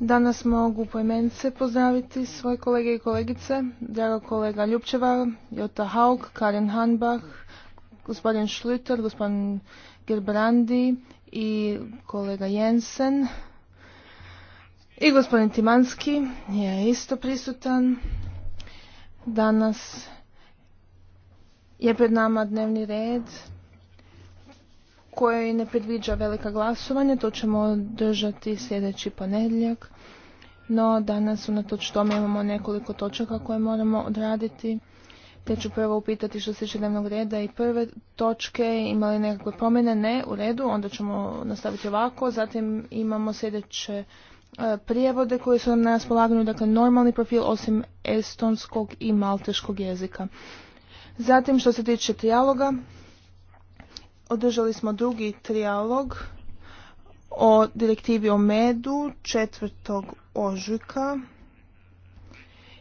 Danas mogu poimence pozdraviti svoje kolege i kolegice, drago kolega Ljupčeva, Jota Haug, Karin Hanbach, gospodin Schlüter, gospodin Gerbrandi i kolega Jensen. I gospodin Timanski je isto prisutan. Danas je pred nama dnevni red koji ne predviđa velika glasovanja, to ćemo održati sljedeći ponedjeljak. No danas unatoč tome imamo nekoliko točaka koje moramo odraditi. Te ću prvo upitati što se tiče dnevnog reda i prve točke, imali nekakve promjene, ne, u redu, onda ćemo nastaviti ovako. Zatim imamo sljedeće e, prijevode koje su nam na raspolaganju, dakle normalni profil osim estonskog i malteškog jezika. Zatim što se tiče trijaloga, Održali smo drugi trijalog o direktivi o medu 4. ožujka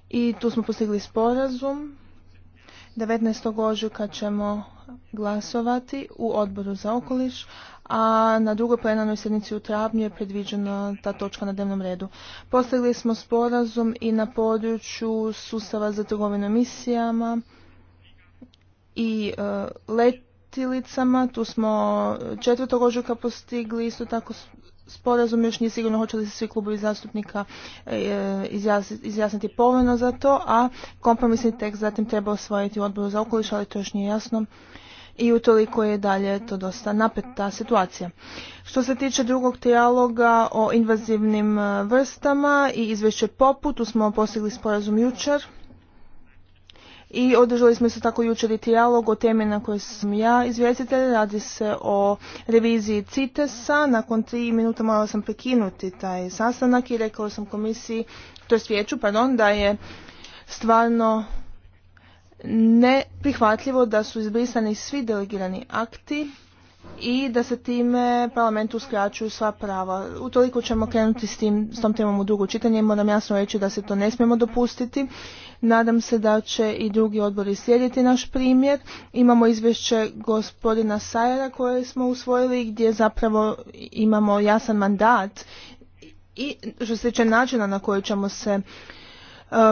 i tu smo postigli sporazum. 19. ožujka ćemo glasovati u odboru za okoliš, a na drugoj plenarnoj sjednici u travnju je predviđena ta točka na dnevnom redu. Postigli smo sporazum i na području sustava za trgovinu emisijama i e, let, cilicama, Tu smo četvrtog ožujka postigli isto tako sporazum, još nije sigurno hoće li se svi klubovi zastupnika e, izjasniti povoljno za to, a kompromisni tekst zatim treba osvojiti u odboru za okoliš, ali to još nije jasno i utoliko je dalje to dosta napeta situacija. Što se tiče drugog dijaloga o invazivnim e, vrstama i izvješće poput, tu smo postigli sporazum jučer i održali smo se tako jučer i dijalog o temi na kojoj sam ja izvjestitelj. Radi se o reviziji CITES-a. Nakon tri minuta morala sam prekinuti taj sastanak i rekao sam komisiji, to je svijeću, pardon, da je stvarno neprihvatljivo da su izbrisani svi delegirani akti i da se time parlamentu uskraćuju sva prava. Utoliko ćemo krenuti s, tim, s tom temom u drugo čitanje moram jasno reći da se to ne smijemo dopustiti Nadam se da će i drugi odbori slijediti naš primjer. Imamo izvješće gospodina Sajera koje smo usvojili gdje zapravo imamo jasan mandat i što se tiče načina na koji ćemo se e,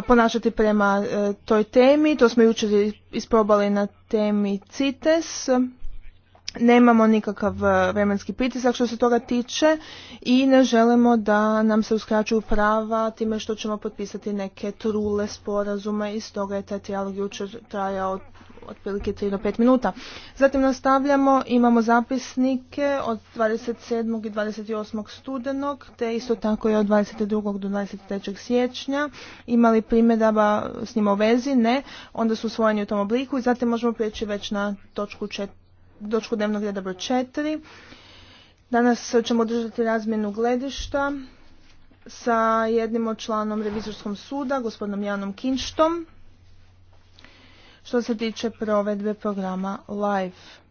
ponašati prema e, toj temi. To smo jučer isprobali na temi CITES nemamo nikakav e, vremenski pritisak što se toga tiče i ne želimo da nam se uskraćuju prava time što ćemo potpisati neke trule sporazume i stoga je taj trijalog jučer trajao otprilike 3 do 5 minuta. Zatim nastavljamo, imamo zapisnike od 27. i 28. studenog, te isto tako i od 22. do 23. siječnja. Imali primjedaba s njima u vezi? Ne. Onda su usvojeni u tom obliku i zatim možemo prijeći već na točku 4 točku dnevnog reda broj 4. Danas ćemo održati razmjenu gledišta sa jednim od članom revizorskog suda, gospodinom Janom Kinštom, što se tiče provedbe programa LIFE.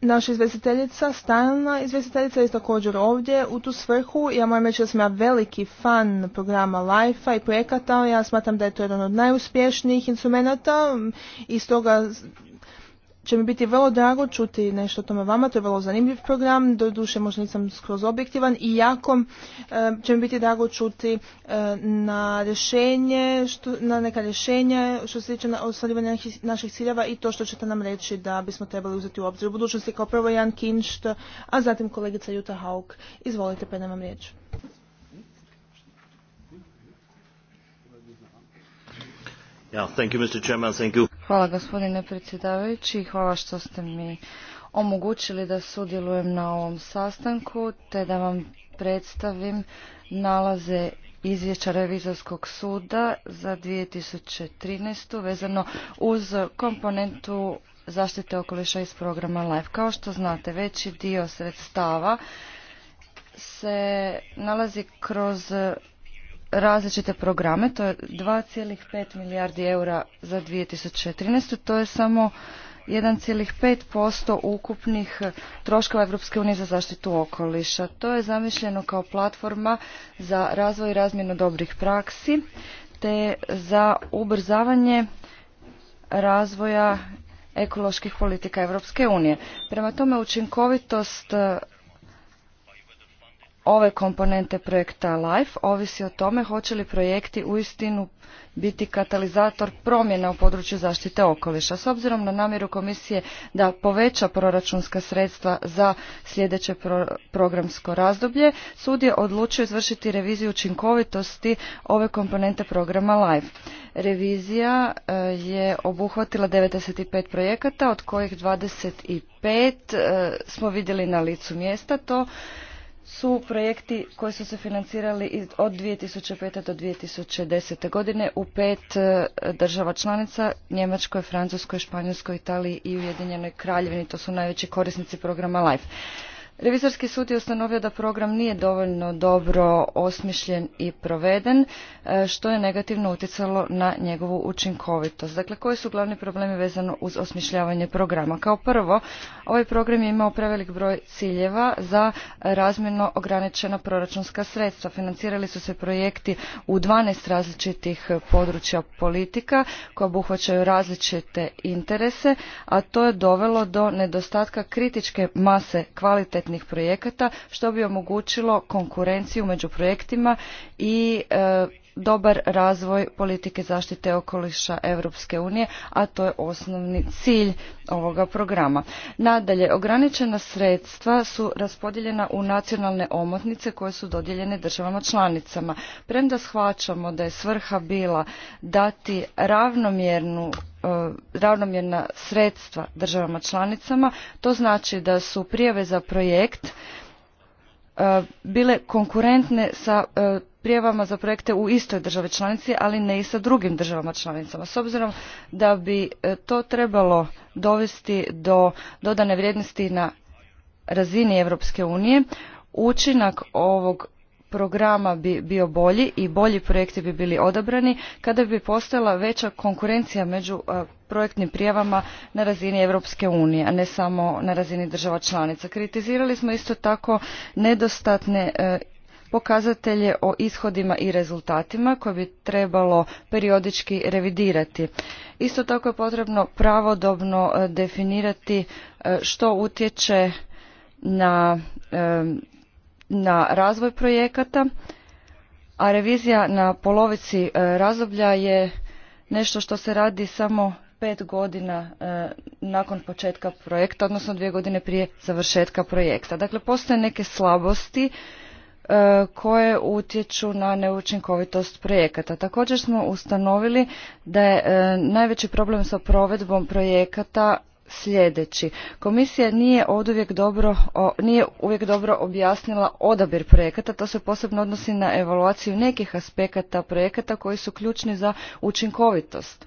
Naša izvjestiteljica, stalna izvjestiteljica je također ovdje u tu svrhu. Ja moram reći da sam ja veliki fan programa Life-a i projekata. Ja smatram da je to jedan od najuspješnijih instrumenta i stoga će mi biti vrlo drago čuti nešto o tome vama, to je vrlo zanimljiv program, doduše možda nisam skroz objektivan i jako e, će mi biti drago čuti e, na rješenje, na neka rješenja što se tiče na ostvarivanja naših ciljeva i to što ćete nam reći da bismo trebali uzeti u obzir u budućnosti kao prvo Jan Kinšt, a zatim kolegica Juta Hauk. Izvolite, pa vam riječ. Hvala gospodine predsjedavajući i hvala što ste mi omogućili da sudjelujem na ovom sastanku te da vam predstavim nalaze izvješća revizorskog suda za 2013. vezano uz komponentu zaštite okoliša iz programa LIFE. Kao što znate, veći dio sredstava se nalazi kroz različite programe, to je 2,5 milijardi eura za 2013. To je samo 1,5% ukupnih troškova Europske unije za zaštitu okoliša. To je zamišljeno kao platforma za razvoj i razmjenu dobrih praksi te za ubrzavanje razvoja ekoloških politika Europske unije. Prema tome učinkovitost ove komponente projekta LIFE ovisi o tome hoće li projekti uistinu biti katalizator promjena u području zaštite okoliša. S obzirom na namjeru komisije da poveća proračunska sredstva za sljedeće programsko razdoblje, sud je odlučio izvršiti reviziju učinkovitosti ove komponente programa LIFE. Revizija eh, je obuhvatila 95 projekata, od kojih 25 eh, smo vidjeli na licu mjesta. To su projekti koji su se financirali od 2005. do 2010. godine u pet e, država članica, Njemačkoj, Francuskoj, Španjolskoj, Italiji i Ujedinjenoj Kraljevini. To su najveći korisnici programa LIFE. Revizorski sud je ustanovio da program nije dovoljno dobro osmišljen i proveden, e, što je negativno utjecalo na njegovu učinkovitost. Dakle, koji su glavni problemi vezano uz osmišljavanje programa? Kao prvo, ovaj program je imao prevelik broj ciljeva za razmjerno ograničena proračunska sredstva. Financirali su se projekti u 12 različitih područja politika koja obuhvaćaju različite interese, a to je dovelo do nedostatka kritičke mase kvalitetnih kvalitetnih projekata što bi omogućilo konkurenciju među projektima i e, dobar razvoj politike zaštite okoliša Europske unije, a to je osnovni cilj ovoga programa. Nadalje, ograničena sredstva su raspodijeljena u nacionalne omotnice koje su dodijeljene državama članicama. Premda shvaćamo da je svrha bila dati ravnomjernu e, ravnomjerna sredstva državama članicama, to znači da su prijave za projekt e, bile konkurentne sa e, prijavama za projekte u istoj državi članici, ali ne i sa drugim državama članicama. S obzirom da bi e, to trebalo dovesti do dodane vrijednosti na razini Europske unije, učinak ovog programa bi bio bolji i bolji projekti bi bili odabrani kada bi postojala veća konkurencija među e, projektnim prijavama na razini Europske unije, a ne samo na razini država članica. Kritizirali smo isto tako nedostatne e, pokazatelje o ishodima i rezultatima koje bi trebalo periodički revidirati. Isto tako je potrebno pravodobno e, definirati e, što utječe na, e, na razvoj projekata, a revizija na polovici razdoblja je nešto što se radi samo pet godina nakon početka projekta, odnosno dvije godine prije završetka projekta. Dakle, postoje neke slabosti E, koje utječu na neučinkovitost projekata. Također smo ustanovili da je e, najveći problem sa provedbom projekata sljedeći. Komisija nije oduvijek dobro, nije uvijek dobro objasnila odabir projekata, to se posebno odnosi na evaluaciju nekih aspekata projekata koji su ključni za učinkovitost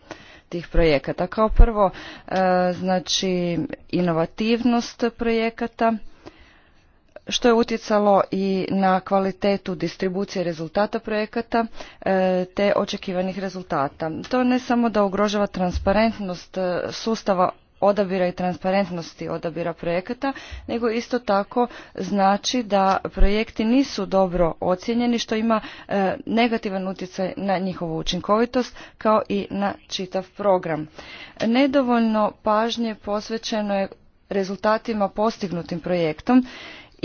tih projekata. Kao prvo, e, znači inovativnost projekata, što je utjecalo i na kvalitetu distribucije rezultata projekata e, te očekivanih rezultata. To ne samo da ugrožava transparentnost e, sustava odabira i transparentnosti odabira projekata, nego isto tako znači da projekti nisu dobro ocijenjeni što ima e, negativan utjecaj na njihovu učinkovitost kao i na čitav program. Nedovoljno pažnje posvećeno je rezultatima postignutim projektom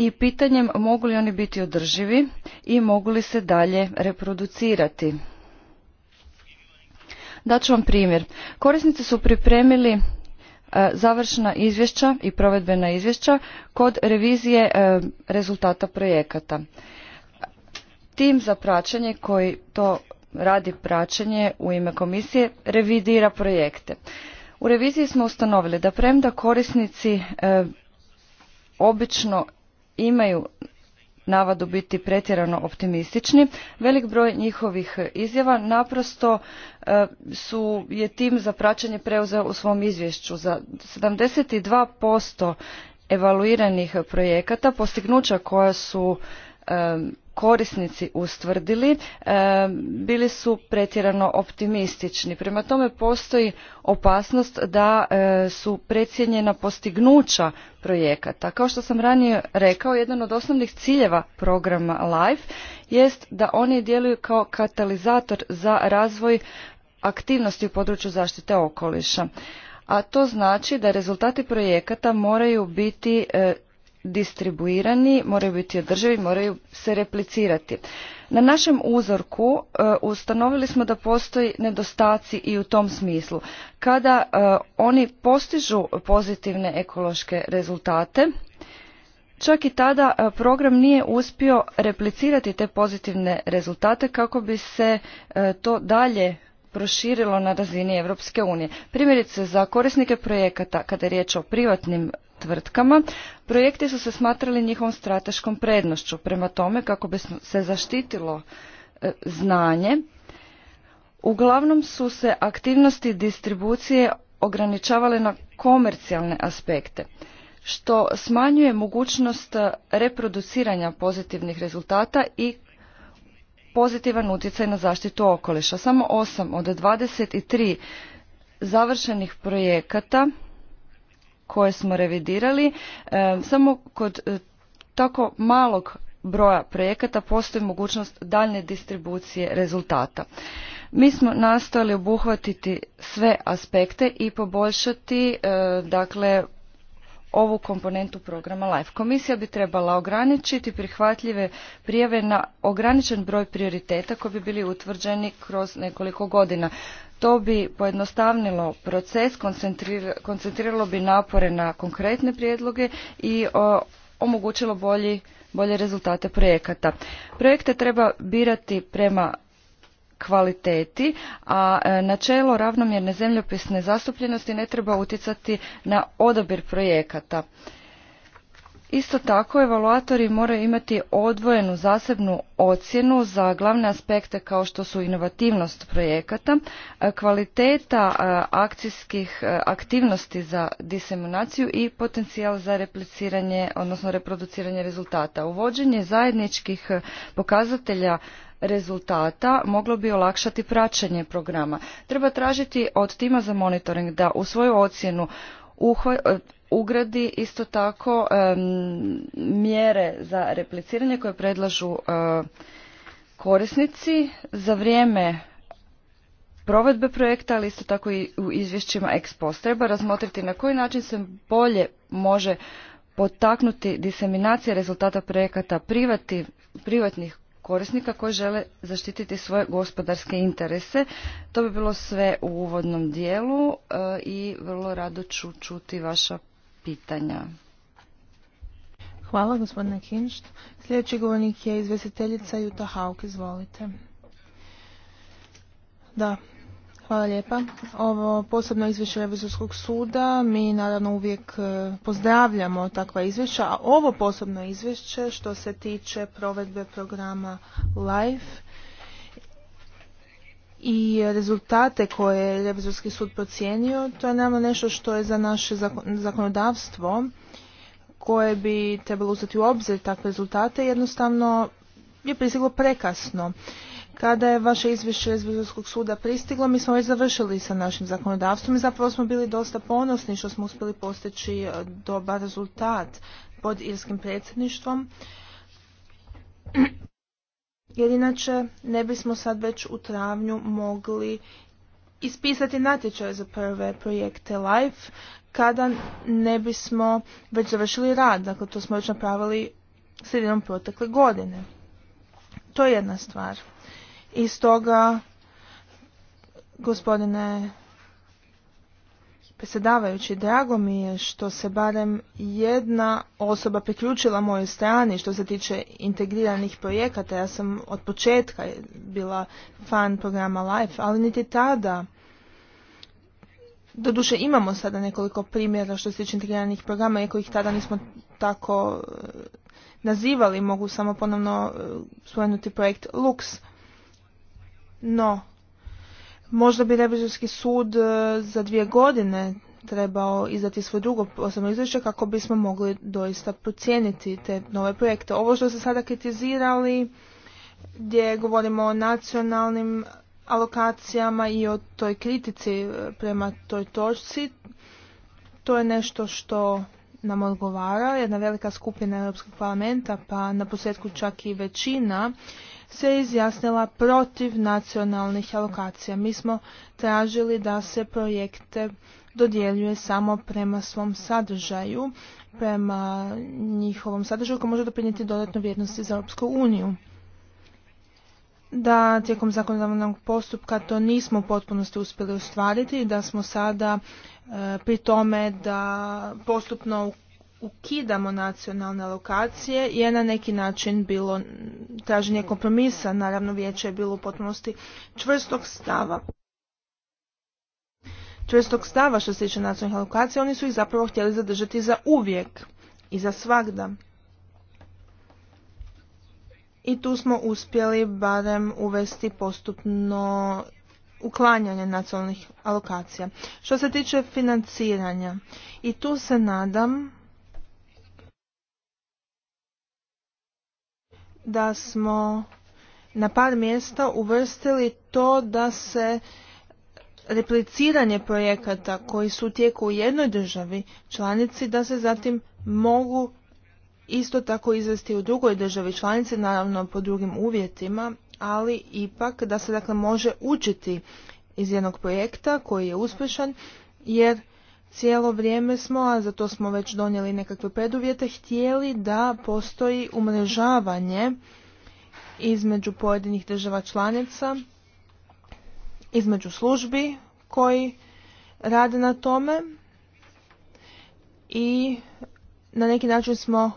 i pitanjem mogu li oni biti održivi i mogu li se dalje reproducirati. Daću vam primjer. Korisnici su pripremili e, završna izvješća i provedbena izvješća kod revizije e, rezultata projekata. Tim za praćenje koji to radi praćenje u ime komisije revidira projekte. U reviziji smo ustanovili da premda korisnici e, obično imaju navadu biti pretjerano optimistični. Velik broj njihovih izjava naprosto e, su je tim za praćenje preuzeo u svom izvješću. Za 72% evaluiranih projekata postignuća koja su e, korisnici ustvrdili e, bili su pretjerano optimistični. Prema tome postoji opasnost da e, su precijenjena postignuća projekata. Kao što sam ranije rekao, jedan od osnovnih ciljeva programa LIFE jest da oni djeluju kao katalizator za razvoj aktivnosti u području zaštite okoliša a to znači da rezultati projekata moraju biti e, distribuirani, moraju biti održivi, moraju se replicirati. Na našem uzorku e, ustanovili smo da postoji nedostaci i u tom smislu. Kada e, oni postižu pozitivne ekološke rezultate, čak i tada e, program nije uspio replicirati te pozitivne rezultate kako bi se to dalje proširilo na razini Europske unije. Primjerice za korisnike projekata kada je riječ o privatnim tvrtkama, projekti su se smatrali njihovom strateškom prednošću. Prema tome, kako bi se zaštitilo e, znanje, uglavnom su se aktivnosti distribucije ograničavale na komercijalne aspekte što smanjuje mogućnost e, reproduciranja pozitivnih rezultata i pozitivan utjecaj na zaštitu okoliša. Samo 8 od 23 završenih projekata koje smo revidirali. E, samo kod e, tako malog broja projekata postoji mogućnost daljne distribucije rezultata. Mi smo nastojali obuhvatiti sve aspekte i poboljšati e, dakle ovu komponentu programa LIFE. Komisija bi trebala ograničiti prihvatljive prijave na ograničen broj prioriteta koji bi bili utvrđeni kroz nekoliko godina. To bi pojednostavnilo proces, koncentriralo bi napore na konkretne prijedloge i omogućilo bolje rezultate projekata. Projekte treba birati prema kvaliteti, a e, načelo ravnomjerne zemljopisne zastupljenosti ne treba utjecati na odabir projekata. Isto tako, evaluatori moraju imati odvojenu zasebnu ocjenu za glavne aspekte kao što su inovativnost projekata, kvaliteta akcijskih aktivnosti za diseminaciju i potencijal za repliciranje, odnosno reproduciranje rezultata. Uvođenje zajedničkih pokazatelja rezultata moglo bi olakšati praćenje programa. Treba tražiti od tima za monitoring da u svoju ocjenu E, ugradi isto tako mjere za repliciranje koje predlažu e, korisnici za vrijeme provedbe projekta, ali isto tako i u izvješćima ex post. Treba razmotriti na koji način se bolje može potaknuti diseminacija rezultata projekata privati, privatnih korisnika koji žele zaštititi svoje gospodarske interese. To bi bilo sve u uvodnom dijelu e, i vrlo rado ću čuti vaša pitanja. Hvala gospodine Kinšt. Sljedeći govornik je izvjestiteljica Juta Hauk, izvolite. Da, Hvala lijepa. Ovo posebno izvješće Revizorskog suda, mi naravno uvijek e, pozdravljamo takva izvješća, a ovo posebno izvješće što se tiče provedbe programa LIFE i rezultate koje je Revizorski sud procijenio, to je naravno nešto što je za naše zakonodavstvo koje bi trebalo uzeti u obzir takve rezultate jednostavno je prisiglo prekasno. Kada je vaše izvješće iz Vizorskog suda pristiglo, mi smo već završili sa našim zakonodavstvom i zapravo smo bili dosta ponosni što smo uspjeli postići e, dobar rezultat pod irskim predsjedništvom. Jer inače ne bismo sad već u travnju mogli ispisati natječaje za prve projekte LIFE kada ne bismo već završili rad. Dakle, to smo već napravili sredinom protekle godine. To je jedna stvar. I stoga, gospodine predsjedavajući, drago mi je što se barem jedna osoba priključila mojoj strani što se tiče integriranih projekata. Ja sam od početka bila fan programa Life, ali niti tada Doduše imamo sada nekoliko primjera što se tiče integriranih programa, iako ih tada nismo tako eh, nazivali, mogu samo ponovno eh, spomenuti projekt Lux. No, možda bi revizorski sud e, za dvije godine trebao izdati svoje drugo posebno izvješće kako bismo mogli doista procijeniti te nove projekte. Ovo što ste sada kritizirali gdje govorimo o nacionalnim alokacijama i o toj kritici e, prema toj točci, to je nešto što nam odgovara, jedna velika skupina Europskog parlamenta, pa na posljedku čak i većina se izjasnila protiv nacionalnih alokacija. Mi smo tražili da se projekte dodjeljuje samo prema svom sadržaju, prema njihovom sadržaju koji može doprinijeti dodatnu vrijednosti za Europsku uniju. Da tijekom zakonodavnog postupka to nismo u potpunosti uspjeli ostvariti i da smo sada e, pri tome da postupno ukidamo nacionalne lokacije je na neki način bilo traženje kompromisa. Naravno, vijeće je bilo u potpunosti čvrstog stava. Čvrstog stava što se tiče nacionalnih alokacija, oni su ih zapravo htjeli zadržati za uvijek i za svagda. I tu smo uspjeli barem uvesti postupno uklanjanje nacionalnih alokacija. Što se tiče financiranja, i tu se nadam da smo na par mjesta uvrstili to da se repliciranje projekata koji su u tijeku u jednoj državi članici da se zatim mogu isto tako izvesti u drugoj državi članici, naravno po drugim uvjetima, ali ipak da se dakle može učiti iz jednog projekta koji je uspješan jer cijelo vrijeme smo, a za to smo već donijeli nekakve preduvjete, htjeli da postoji umrežavanje između pojedinih država članica, između službi koji rade na tome i na neki način smo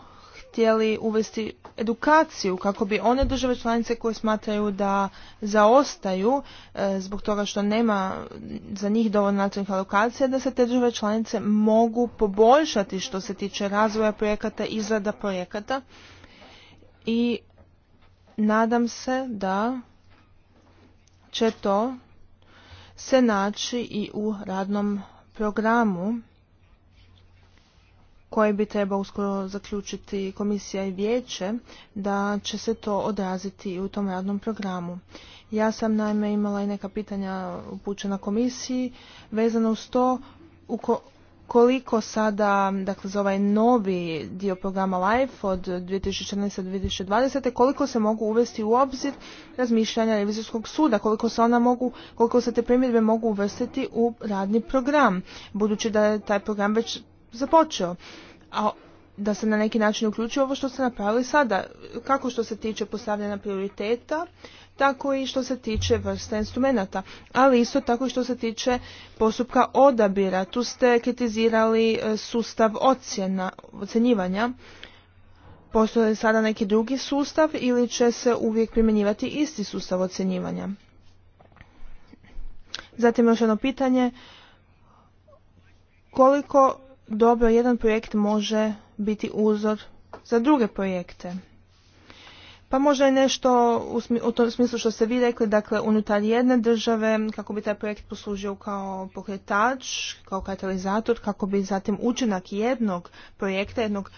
htjeli uvesti edukaciju kako bi one države članice koje smatraju da zaostaju e, zbog toga što nema za njih dovoljno nacionalnih alokacija, da se te države članice mogu poboljšati što se tiče razvoja projekata, izrada projekata i nadam se da će to se naći i u radnom programu koje bi trebao uskoro zaključiti komisija i vijeće, da će se to odraziti u tom radnom programu. Ja sam naime imala i neka pitanja upućena komisiji vezano uz to koliko sada, dakle za ovaj novi dio programa LIFE od 2014-2020, koliko se mogu uvesti u obzir razmišljanja revizijskog suda, koliko se ona mogu, koliko se te primjedbe mogu uvrstiti u radni program, budući da je taj program već započeo. A da se na neki način uključi ovo što ste napravili sada, kako što se tiče postavljanja prioriteta, tako i što se tiče vrsta instrumenta, ali isto tako i što se tiče postupka odabira. Tu ste kritizirali e, sustav ocjena, ocjenjivanja. Postoje li sada neki drugi sustav ili će se uvijek primjenjivati isti sustav ocjenjivanja? Zatim još jedno pitanje. Koliko dobro jedan projekt može biti uzor za druge projekte. Pa možda je nešto u tom smislu što ste vi rekli, dakle unutar jedne države kako bi taj projekt poslužio kao pokretač, kao katalizator, kako bi zatim učinak jednog projekta, jednog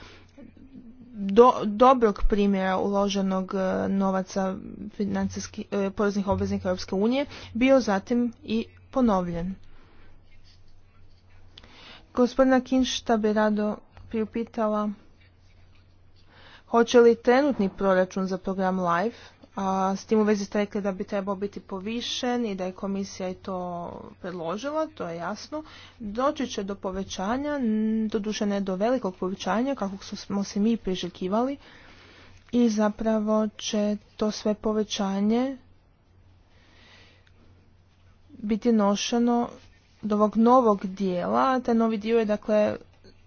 dobrog primjera uloženog e, novaca financijskih e, poreznih obveznika Europske unije bio zatim i ponovljen. Gospodina Kinšta bi rado priupitala hoće li trenutni proračun za program LIFE, a s tim u vezi ste rekli da bi trebao biti povišen i da je komisija i to predložila, to je jasno, doći će do povećanja, doduše ne do velikog povećanja kakvog smo se mi priželjkivali i zapravo će to sve povećanje biti nošeno do ovog novog dijela, taj novi dio je dakle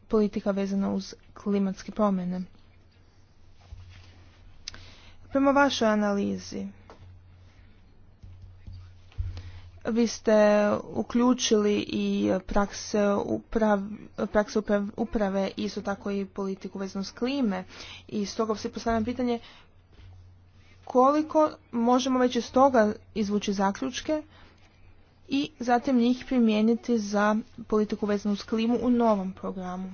politika vezana uz klimatske promjene. Prema vašoj analizi, vi ste uključili i prakse, uprav, prakse uprave, uprave, isto tako i politiku vezano s klime i stoga se postavljam pitanje koliko možemo već iz toga izvući zaključke i zatim njih primijeniti za politiku vezanu s klimu u novom programu.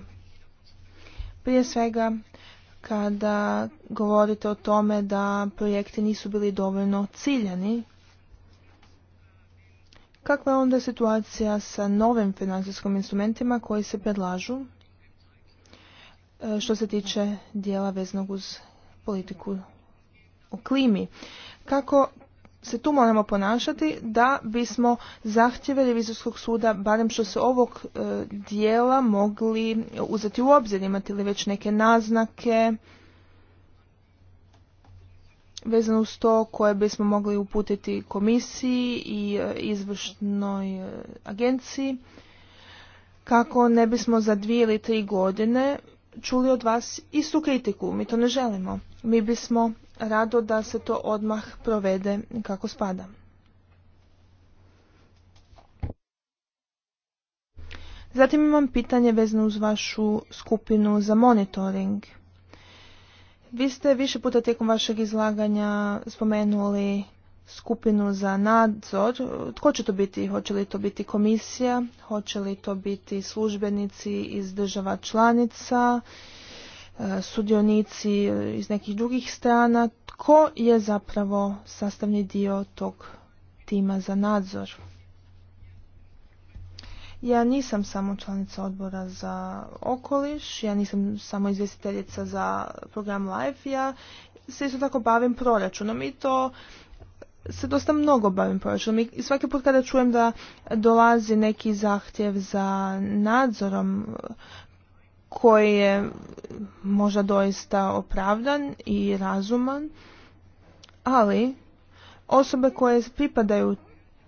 Prije svega, kada govorite o tome da projekti nisu bili dovoljno ciljani, kakva je onda situacija sa novim financijskim instrumentima koji se predlažu e, što se tiče dijela veznog uz politiku o klimi? Kako se tu moramo ponašati da bismo zahtjeve revizorskog suda, barem što se ovog e, dijela mogli uzeti u obzir, imati li već neke naznake vezano uz to koje bismo mogli uputiti komisiji i e, izvršnoj e, agenciji kako ne bismo za dvije ili tri godine čuli od vas istu kritiku. Mi to ne želimo mi bismo rado da se to odmah provede kako spada. Zatim imam pitanje vezno uz vašu skupinu za monitoring. Vi ste više puta tijekom vašeg izlaganja spomenuli skupinu za nadzor. Tko će to biti? Hoće li to biti komisija? Hoće li to biti službenici iz država članica? sudionici eh, iz nekih drugih strana, tko je zapravo sastavni dio tog tima za nadzor. Ja nisam samo članica odbora za okoliš, ja nisam samo izvjestiteljica za program Life, ja se isto tako bavim proračunom i to se dosta mnogo bavim proračunom i svaki put kada čujem da dolazi neki zahtjev za nadzorom koji je možda doista opravdan i razuman, ali osobe koje pripadaju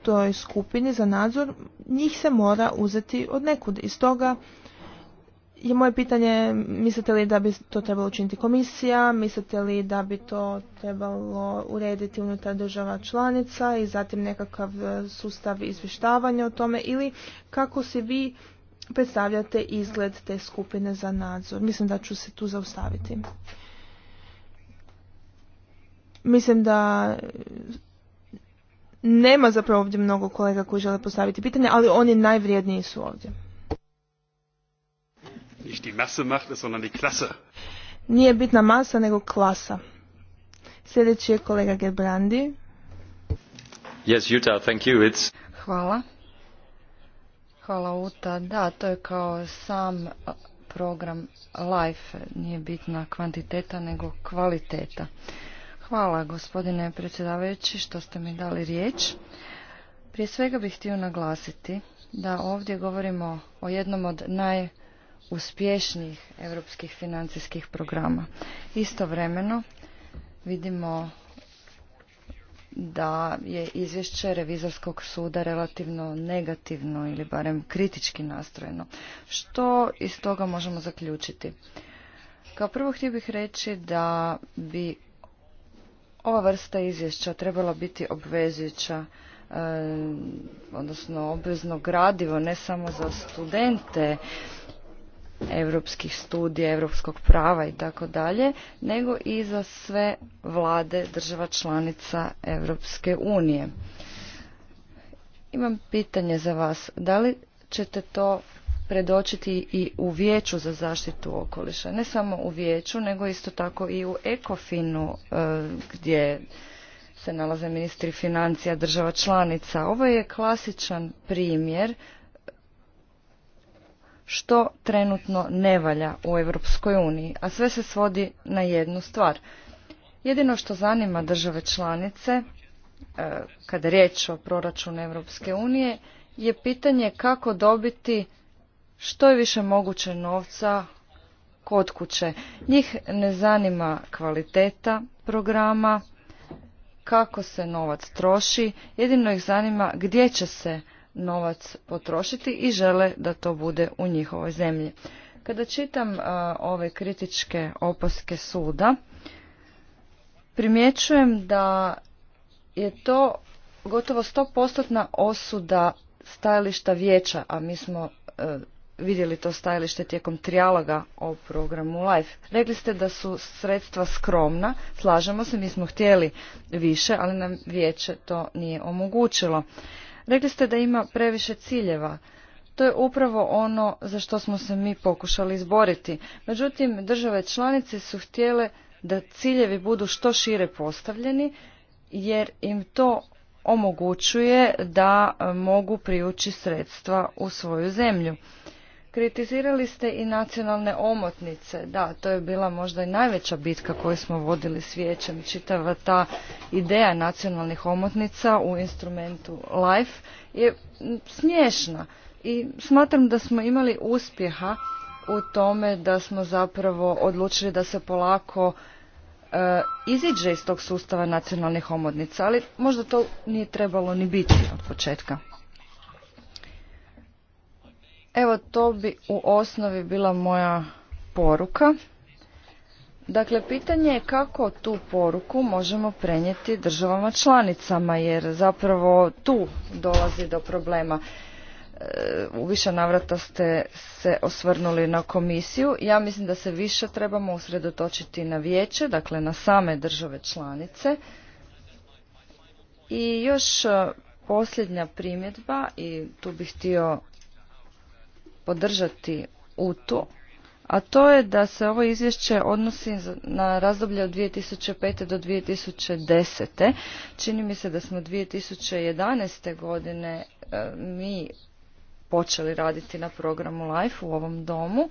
toj skupini za nadzor, njih se mora uzeti od nekud. I stoga je moje pitanje, mislite li da bi to trebalo učiniti komisija, mislite li da bi to trebalo urediti unutar država članica i zatim nekakav sustav izvještavanja o tome ili kako si vi predstavljate izgled te skupine za nadzor. Mislim da ću se tu zaustaviti. Mislim da e, nema zapravo ovdje mnogo kolega koji žele postaviti pitanje, ali oni najvrijedniji su ovdje. Nije bitna masa, nego klasa. Sljedeći je kolega Gerbrandi. Yes, Hvala. Hvala Uta. Da, to je kao sam program LIFE. Nije bitna kvantiteta nego kvaliteta. Hvala gospodine predsjedavajući što ste mi dali riječ. Prije svega bih htio naglasiti da ovdje govorimo o jednom od najuspješnijih europskih financijskih programa. Istovremeno vidimo da je izvješće revizorskog suda relativno negativno ili barem kritički nastrojeno. Što iz toga možemo zaključiti? Kao prvo htio bih reći da bi ova vrsta izvješća trebala biti obvezujuća, e, odnosno obvezno gradivo ne samo za studente europskih studija, europskog prava i tako dalje, nego i za sve vlade država članica Europske unije. Imam pitanje za vas. Da li ćete to predočiti i u vijeću za zaštitu okoliša? Ne samo u vijeću, nego isto tako i u ekofinu e, gdje se nalaze ministri financija država članica. Ovo je klasičan primjer što trenutno ne valja u Europskoj uniji, a sve se svodi na jednu stvar. Jedino što zanima države članice, e, kada je riječ o proračunu Europske unije, je pitanje kako dobiti što je više moguće novca kod kuće. Njih ne zanima kvaliteta programa, kako se novac troši, jedino ih zanima gdje će se novac potrošiti i žele da to bude u njihovoj zemlji. Kada čitam ove kritičke opaske suda, primjećujem da je to gotovo 100% osuda stajališta vijeća, a mi smo e, vidjeli to stajalište tijekom trijaloga o programu LIFE. Rekli ste da su sredstva skromna, slažemo se, mi smo htjeli više, ali nam vijeće to nije omogućilo. Rekli ste da ima previše ciljeva. To je upravo ono za što smo se mi pokušali izboriti. Međutim, države članice su htjele da ciljevi budu što šire postavljeni, jer im to omogućuje da mogu prijući sredstva u svoju zemlju. Kritizirali ste i nacionalne omotnice. Da, to je bila možda i najveća bitka koju smo vodili s vijećem. Čitava ta ideja nacionalnih omotnica u instrumentu LIFE je smiješna. I smatram da smo imali uspjeha u tome da smo zapravo odlučili da se polako e, iziđe iz tog sustava nacionalnih omotnica, ali možda to nije trebalo ni biti od početka. Evo to bi u osnovi bila moja poruka. Dakle, pitanje je kako tu poruku možemo prenijeti državama članicama, jer zapravo tu dolazi do problema. E, u više navrata ste se osvrnuli na komisiju. Ja mislim da se više trebamo usredotočiti na vijeće, dakle na same države članice. I još e, posljednja primjedba i tu bih htio podržati u to, a to je da se ovo izvješće odnosi na razdoblje od 2005. do 2010. Čini mi se da smo 2011. godine e, mi počeli raditi na programu LIFE u ovom domu.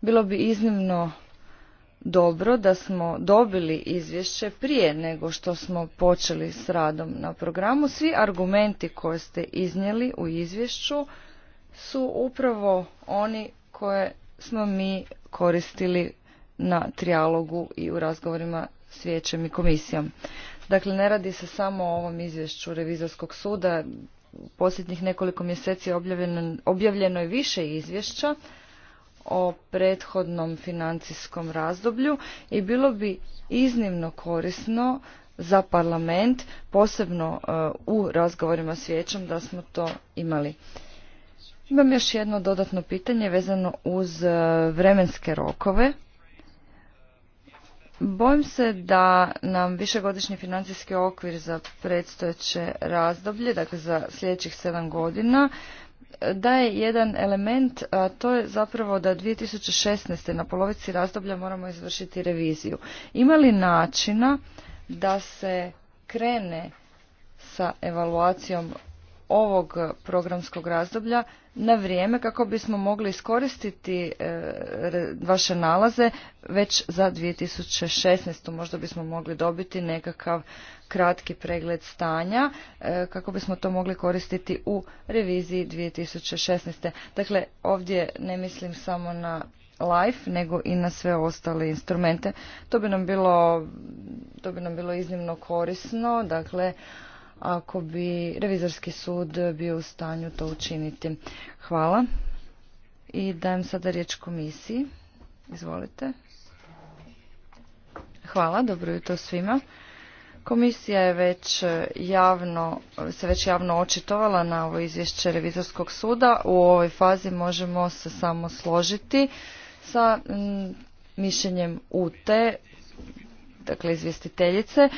Bilo bi iznimno dobro da smo dobili izvješće prije nego što smo počeli s radom na programu. Svi argumenti koje ste iznijeli u izvješću su upravo oni koje smo mi koristili na trijalogu i u razgovorima s vijećem i komisijom. Dakle, ne radi se samo o ovom izvješću revizorskog suda. U Posljednjih nekoliko mjeseci objavljeno, objavljeno je više izvješća o prethodnom financijskom razdoblju i bilo bi iznimno korisno za parlament, posebno e, u razgovorima s vijećem, da smo to imali. Imam još jedno dodatno pitanje vezano uz e, vremenske rokove. Bojim se da nam višegodišnji financijski okvir za predstojeće razdoblje, dakle za sljedećih sedam godina, daje jedan element, a to je zapravo da 2016. na polovici razdoblja moramo izvršiti reviziju. Ima li načina da se krene sa evaluacijom ovog programskog razdoblja na vrijeme kako bismo mogli iskoristiti e, vaše nalaze već za 2016. Možda bismo mogli dobiti nekakav kratki pregled stanja e, kako bismo to mogli koristiti u reviziji 2016. Dakle, ovdje ne mislim samo na life nego i na sve ostale instrumente. To bi nam bilo, to bi nam bilo iznimno korisno. Dakle, ako bi revizorski sud bio u stanju to učiniti. Hvala. I dajem sada riječ komisiji. Izvolite. Hvala, dobro jutro svima. Komisija je već javno, se već javno očitovala na ovo izvješće revizorskog suda. U ovoj fazi možemo se samo složiti sa mišljenjem UTE dakle izvjestiteljice. E,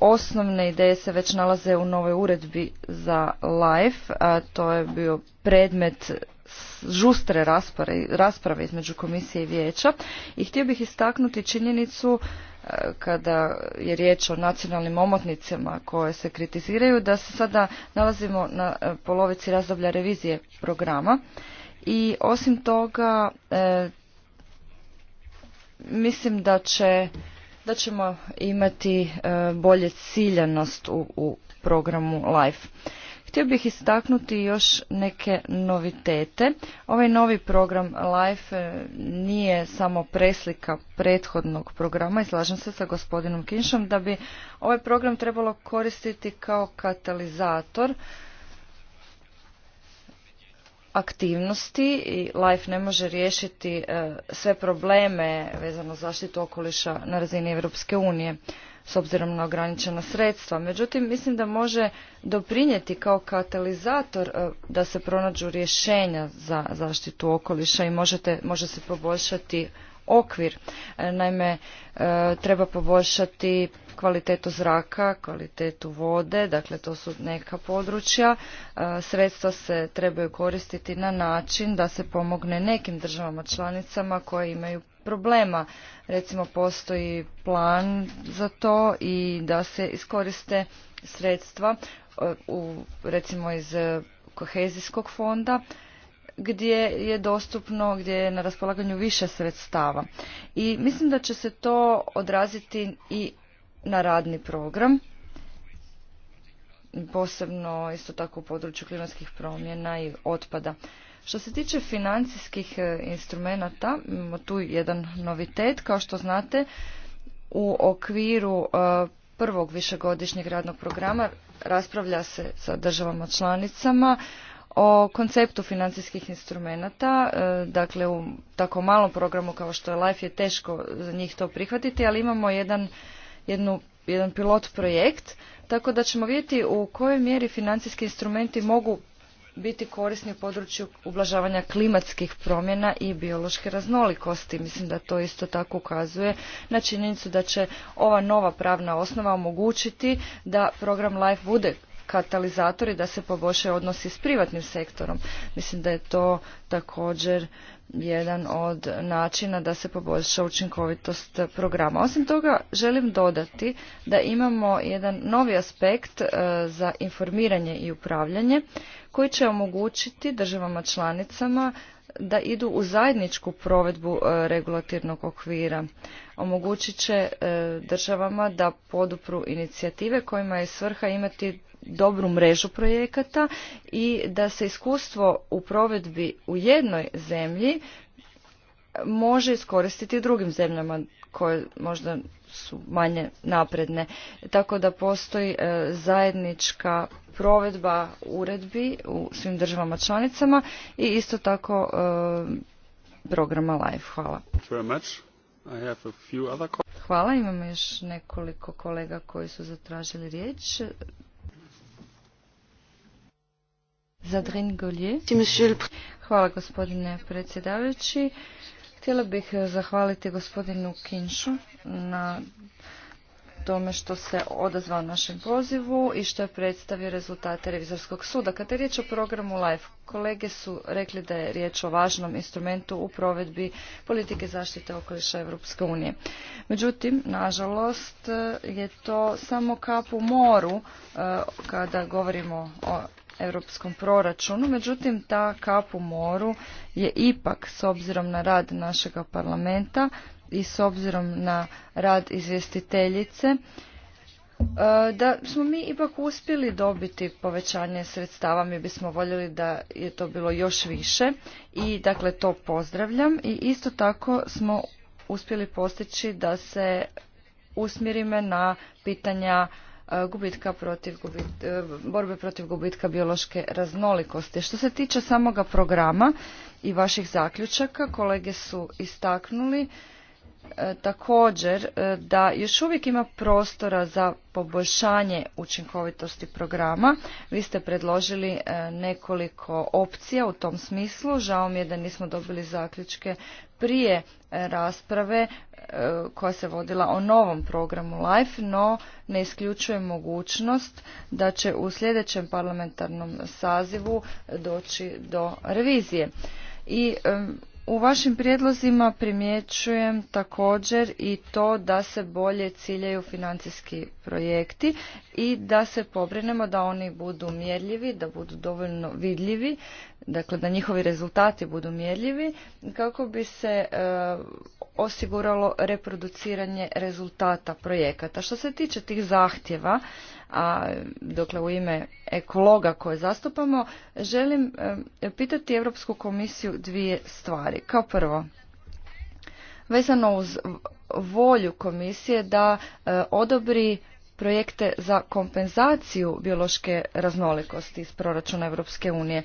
osnovne ideje se već nalaze u novoj uredbi za LIFE, a to je bio predmet žustre rasprave između komisije i vijeća i htio bih istaknuti činjenicu e, kada je riječ o nacionalnim omotnicama koje se kritiziraju da se sada nalazimo na e, polovici razdoblja revizije programa i osim toga mislim da će da ćemo imati e, bolje ciljanost u, programu LIFE. Htio bih istaknuti još neke novitete. Ovaj novi program LIFE e, nije samo preslika prethodnog programa i slažem se sa gospodinom Kinšom da bi ovaj program trebalo koristiti kao katalizator aktivnosti i LIFE ne može riješiti e, sve probleme vezano zaštitu okoliša na razini Europske unije s obzirom na ograničena sredstva. Međutim, mislim da može doprinijeti kao katalizator e, da se pronađu rješenja za zaštitu okoliša i možete, može se poboljšati okvir. E, naime, treba poboljšati kvalitetu zraka, kvalitetu vode, dakle to su neka područja. E, sredstva se trebaju koristiti na način da se pomogne nekim državama članicama koje imaju problema. Recimo postoji plan za to i da se iskoriste sredstva e, u, recimo iz kohezijskog fonda gdje je dostupno, gdje je na raspolaganju više sredstava. I mislim da će se to odraziti i na radni program, posebno isto tako u području klimatskih promjena i otpada. Što se tiče financijskih e, instrumenata, imamo tu jedan novitet, kao što znate, u okviru e, prvog višegodišnjeg radnog programa raspravlja se sa državama članicama o konceptu financijskih instrumenata. E, dakle, u tako malom programu kao što je LIFE je teško za njih to prihvatiti, ali imamo jedan jednu, jedan pilot projekt, tako da ćemo vidjeti u kojoj mjeri financijski instrumenti mogu biti korisni u području ublažavanja klimatskih promjena i biološke raznolikosti. Mislim da to isto tako ukazuje na činjenicu da će ova nova pravna osnova omogućiti da program LIFE bude katalizatori da se poboljšaju odnosi s privatnim sektorom. Mislim da je to također jedan od načina da se poboljša učinkovitost programa. Osim toga, želim dodati da imamo jedan novi aspekt e, za informiranje i upravljanje koji će omogućiti državama članicama da idu u zajedničku provedbu e, regulatornog okvira. Omogućit će e, državama da podupru inicijative kojima je svrha imati dobru mrežu projekata i da se iskustvo u provedbi u jednoj zemlji može iskoristiti drugim zemljama koje možda su manje napredne. Tako da postoji e, zajednička provedba uredbi u svim državama članicama i isto tako e, programa LIFE. Hvala. Hvala, imamo još nekoliko kolega koji su zatražili riječ. Hvala gospodine predsjedavajući. Htjela bih eh, zahvaliti gospodinu Kinšu na tome što se odazvao našem pozivu i što je predstavio rezultate revizorskog suda. Kada je riječ o programu LIFE, kolege su rekli da je riječ o važnom instrumentu u provedbi politike zaštite okoliša Europske unije. Međutim, nažalost, eh, je to samo kap u moru eh, kada govorimo o europskom proračunu, međutim ta kap u moru je ipak s obzirom na rad našega parlamenta i s obzirom na rad izvjestiteljice e, da smo mi ipak uspjeli dobiti povećanje sredstava, mi bismo voljeli da je to bilo još više i dakle to pozdravljam i isto tako smo uspjeli postići da se usmjerime na pitanja gubitka protiv e, borbe protiv gubitka biološke raznolikosti. Što se tiče samoga programa i vaših zaključaka, kolege su istaknuli e, također e, da još uvijek ima prostora za poboljšanje učinkovitosti programa. Vi ste predložili nekoliko opcija u tom smislu. Žao mi je da nismo dobili zaključke prije rasprave e, koja se vodila o novom programu LIFE, no ne isključuje mogućnost da će u sljedećem parlamentarnom sazivu doći do revizije. I u vašim prijedlozima primjećujem također i to da se bolje ciljaju financijski projekti i da se pobrinemo da oni budu mjerljivi, da budu dovoljno vidljivi, dakle da njihovi rezultati budu mjerljivi kako bi se e, osiguralo reproduciranje rezultata projekata. Što se tiče tih zahtjeva, a dokle u ime ekologa koje zastupamo, želim e, pitati Europsku komisiju dvije stvari. Kao prvo, vezano uz volju komisije da e, odobri projekte za kompenzaciju biološke raznolikosti iz proračuna Europske unije.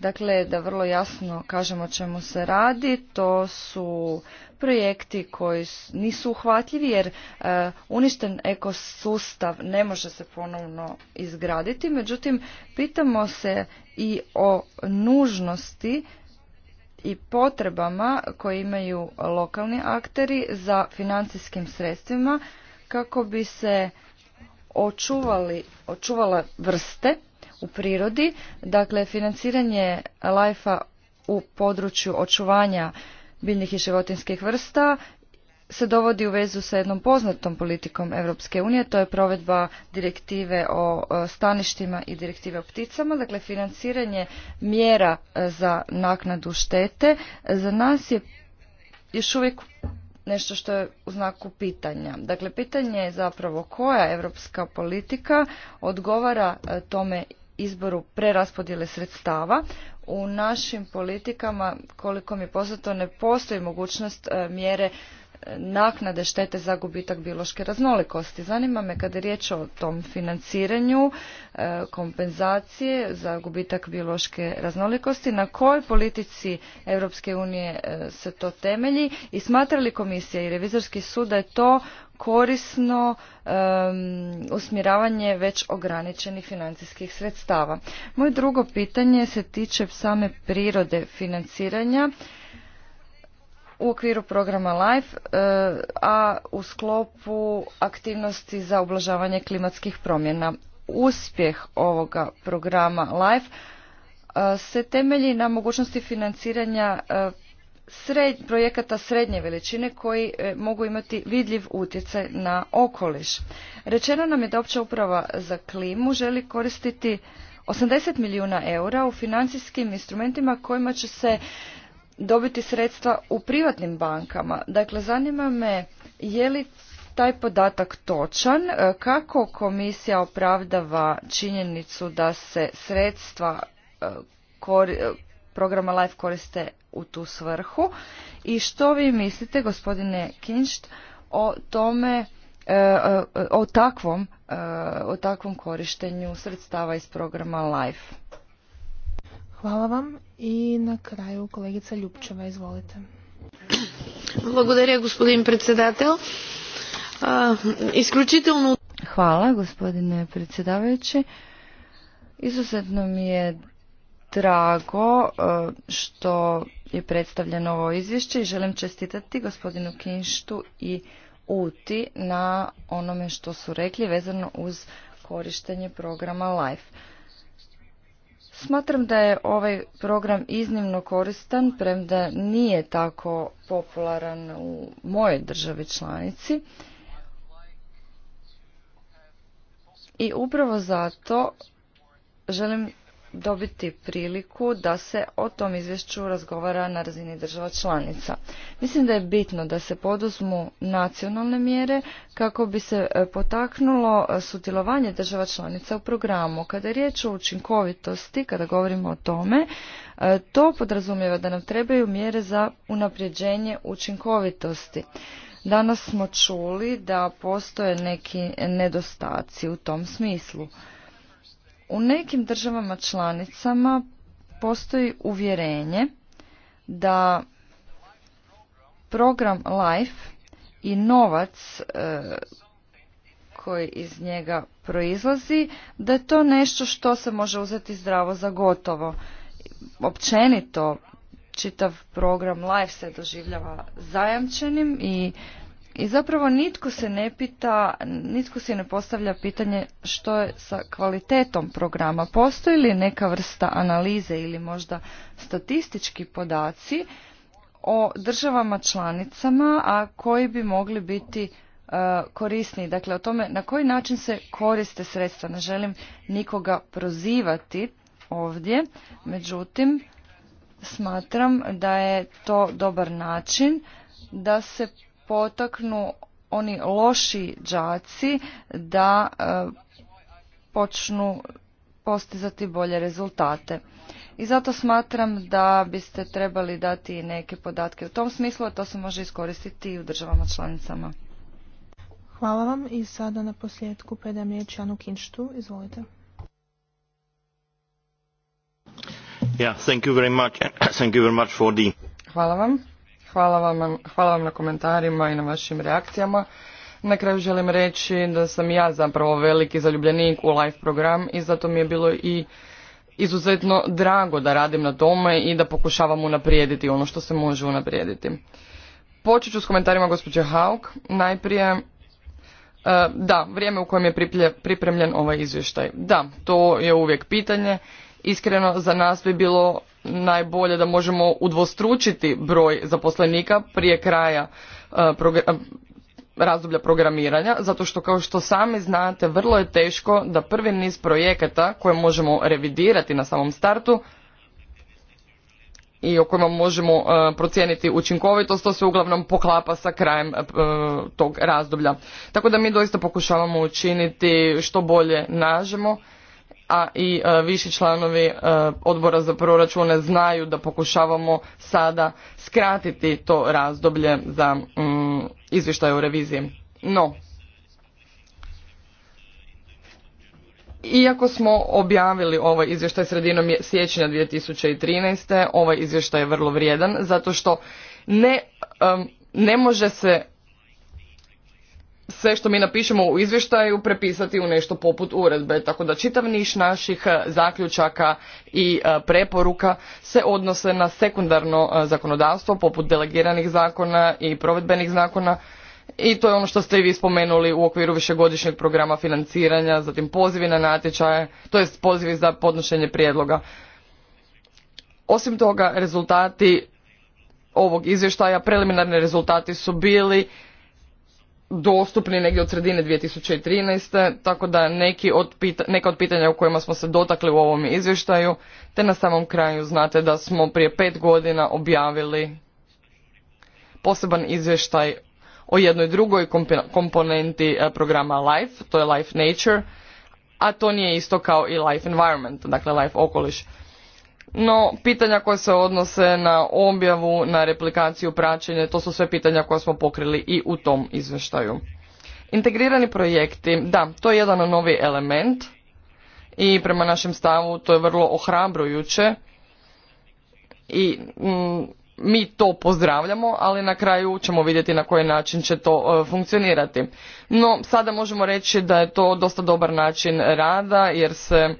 Dakle, da vrlo jasno kažemo čemu se radi, to su projekti koji nisu uhvatljivi jer e, uništen ekosustav ne može se ponovno izgraditi. Međutim, pitamo se i o nužnosti i potrebama koje imaju lokalni akteri za financijskim sredstvima kako bi se očuvali, očuvale vrste u prirodi. Dakle, financiranje lajfa u području očuvanja biljnih i životinskih vrsta se dovodi u vezu sa jednom poznatom politikom Europske unije, to je provedba direktive o e, staništima i direktive o pticama, dakle financiranje mjera e, za naknadu štete e, za nas je još uvijek nešto što je u znaku pitanja. Dakle, pitanje je zapravo koja europska politika odgovara tome izboru preraspodjele sredstava. U našim politikama, koliko mi je poznato, ne postoji mogućnost e, mjere naknade štete za gubitak biološke raznolikosti. Zanima me kada je riječ o tom financiranju e, kompenzacije za gubitak biološke raznolikosti, na kojoj politici Europske unije e, se to temelji i smatra li komisija i revizorski sud da je to korisno e, usmjeravanje već ograničenih financijskih sredstava. Moje drugo pitanje se tiče same prirode financiranja u okviru programa LIFE, e, a u sklopu aktivnosti za ublažavanje klimatskih promjena. Uspjeh ovoga programa LIFE e, se temelji na mogućnosti financiranja e, projekata srednje veličine koji mogu imati vidljiv utjecaj na okoliš. Rečeno nam je da opća uprava za klimu želi koristiti 80 milijuna eura u financijskim instrumentima kojima će se dobiti sredstva u privatnim bankama. Dakle, zanima me je li taj podatak točan, e, kako komisija opravdava činjenicu da se sredstva e, e, programa Life koriste u tu svrhu i što vi mislite, gospodine Kinšt, o tome o takvom, o takvom korištenju sredstava iz programa LIFE. Hvala vam. I na kraju kolegica Ljupčeva, izvolite. Благодаря, господин председател. А, исключително... Хвала, господине председавајќи. Изусетно ми е драго што е представлено ово извеќе и желем честитати господину Киншту и Ути на ономе што су рекли везано уз корištење програма LIFE. Smatram da je ovaj program iznimno koristan, premda nije tako popularan u moje državi članici. I upravo zato želim dobiti priliku da se o tom izvješću razgovara na razini država članica. Mislim da je bitno da se poduzmu nacionalne mjere kako bi se e, potaknulo e, sudjelovanje država članica u programu. Kada je riječ o učinkovitosti, kada govorimo o tome, e, to podrazumijeva da nam trebaju mjere za unapređenje učinkovitosti. Danas smo čuli da postoje neki nedostaci u tom smislu. U nekim državama članicama postoji uvjerenje da program LIFE i novac e, koji iz njega proizlazi, da je to nešto što se može uzeti zdravo za gotovo. Općenito, čitav program LIFE se doživljava zajamčenim i i zapravo nitko se ne pita, nitko se ne postavlja pitanje što je sa kvalitetom programa. Postoji li neka vrsta analize ili možda statistički podaci o državama članicama, a koji bi mogli biti e, korisniji. korisni. Dakle, o tome na koji način se koriste sredstva. Ne želim nikoga prozivati ovdje, međutim, smatram da je to dobar način da se potaknu oni loši đaci da e, počnu postizati bolje rezultate. I zato smatram da biste trebali dati neke podatke u tom smislu, a to se može iskoristiti i u državama članicama. Hvala vam i sada na posljedku predam riječ Janu Kinštu. Izvolite. Hvala vam. Hvala vam, na komentarima i na vašim reakcijama. Na kraju želim reći da sam ja zapravo veliki zaljubljenik u live program i zato mi je bilo i izuzetno drago da radim na tome i da pokušavam unaprijediti ono što se može unaprijediti. Počet ću s komentarima gospođe Hauk. Najprije, e, da, vrijeme u kojem je pripremljen ovaj izvještaj. Da, to je uvijek pitanje. Iskreno, za nas bi bilo najbolje da možemo udvostručiti broj zaposlenika prije kraja uh, uh, razdoblja programiranja, zato što kao što sami znate, vrlo je teško da prvi niz projekata koje možemo revidirati na samom startu i o kojima možemo uh, procijeniti učinkovitost, to se uglavnom poklapa sa krajem tog razdoblja. Tako da mi doista pokušavamo učiniti što bolje nažemo a i e, viši članovi e, odbora za proračune znaju da pokušavamo sada skratiti to razdoblje za mm, izvještaje u reviziji. No, Iako smo objavili ovaj izvještaj sredinom siječnja 2013. ovaj izvještaj je vrlo vrijedan zato što ne, ne može se sve što mi napišemo u izvještaju prepisati u nešto poput uredbe. Tako da čitav niš naših e, zaključaka i e, preporuka se odnose na sekundarno e, zakonodavstvo poput delegiranih zakona i provedbenih zakona i to je ono što ste i vi spomenuli u okviru višegodišnjeg programa financiranja, zatim pozivi na natječaje, to jest pozivi za podnošenje prijedloga. Osim toga, rezultati ovog izvještaja, preliminarni rezultati su bili dostupni negdje od sredine 2013. tako da neki od neka od pitanja u kojima smo se dotakli u ovom izvještaju te na samom kraju znate da smo prije pet godina objavili poseban izvještaj o jednoj drugoj komponenti e, programa LIFE, to je LIFE Nature, a to nije isto kao i LIFE Environment, dakle LIFE okoliš. No, pitanja koja se odnose na objavu, na replikaciju, praćenje, to su sve pitanja koja smo pokrili i u tom izvještaju. Integrirani projekti, da, to je jedan novi element i prema našem stavu to je vrlo ohrabrujuće i mm, mi to pozdravljamo, ali na kraju ćemo vidjeti na koji način će to e, funkcionirati. No, sada možemo reći da je to dosta dobar način rada jer se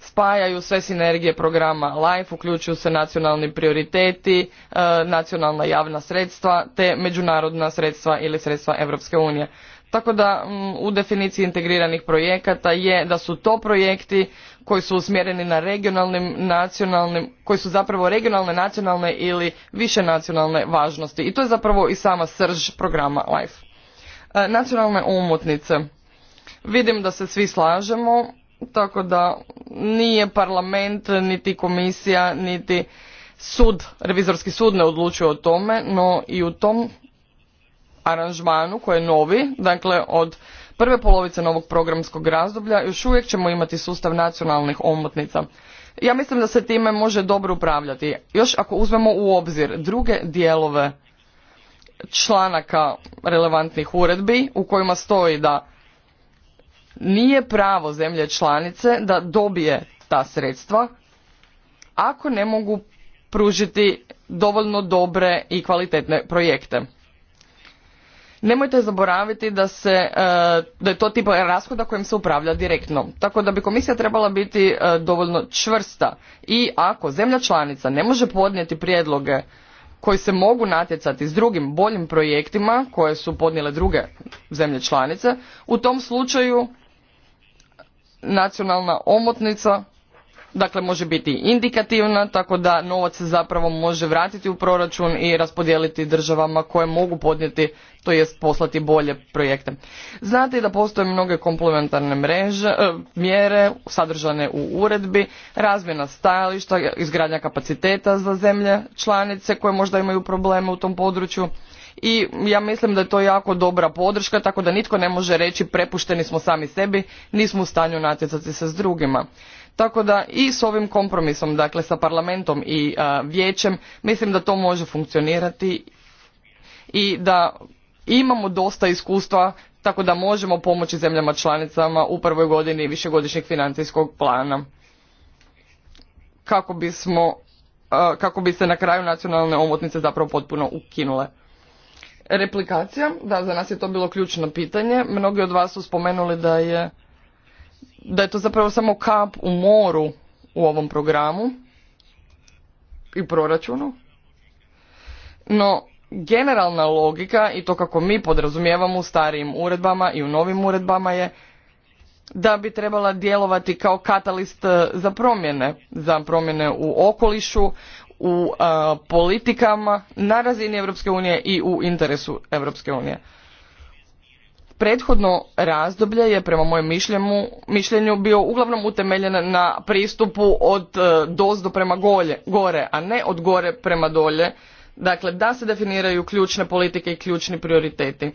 spajaju sve sinergije programa LIFE, uključuju se nacionalni prioriteti, e, nacionalna javna sredstva te međunarodna sredstva ili sredstva Europske unije. Tako da mm, u definiciji integriranih projekata je da su to projekti koji su usmjereni na regionalnim, nacionalnim, koji su zapravo regionalne, nacionalne ili više nacionalne važnosti. I to je zapravo i sama srž programa LIFE. E, nacionalne umutnice. Vidim da se svi slažemo tako da nije parlament, niti komisija, niti sud, revizorski sud ne odlučuje o tome, no i u tom aranžmanu koji je novi, dakle od prve polovice novog programskog razdoblja još uvijek ćemo imati sustav nacionalnih omotnica. Ja mislim da se time može dobro upravljati. Još ako uzmemo u obzir druge dijelove članaka relevantnih uredbi u kojima stoji da nije pravo zemlje članice da dobije ta sredstva ako ne mogu pružiti dovoljno dobre i kvalitetne projekte. Nemojte zaboraviti da, se, e, da je to tip rashoda kojim se upravlja direktno. Tako da bi komisija trebala biti e, dovoljno čvrsta i ako zemlja članica ne može podnijeti prijedloge koji se mogu natjecati s drugim boljim projektima koje su podnijele druge zemlje članice, u tom slučaju nacionalna omotnica dakle može biti indikativna tako da novac se zapravo može vratiti u proračun i raspodijeliti državama koje mogu podnijeti to jest poslati bolje projekte. Znate da postoje mnoge komplementarne mreže, e, mjere sadržane u uredbi, razmjena stajališta, izgradnja kapaciteta za zemlje članice koje možda imaju probleme u tom području i ja mislim da je to jako dobra podrška tako da nitko ne može reći prepušteni smo sami sebi nismo u stanju natjecati se s drugima tako da i s ovim kompromisom dakle sa parlamentom i vijećem mislim da to može funkcionirati i da imamo dosta iskustva tako da možemo pomoći zemljama članicama u prvoj godini višegodišnjeg financijskog plana kako bismo kako bi se na kraju nacionalne omotnice zapravo potpuno ukinule Replikacija, da, za nas je to bilo ključno pitanje. Mnogi od vas su spomenuli da je, da je to zapravo samo kap u moru u ovom programu i proračunu. No, generalna logika i to kako mi podrazumijevamo u starijim uredbama i u novim uredbama je da bi trebala djelovati kao katalist e, za promjene, za promjene u okolišu, u politikama na razini Europske unije i u interesu Europske unije. Prethodno razdoblje je prema mojem mišljenju, mišljenju bio uglavnom utemeljen na pristupu od e, dozdo prema gore, a ne od gore prema dolje. Dakle, da se definiraju ključne politike i ključni prioriteti.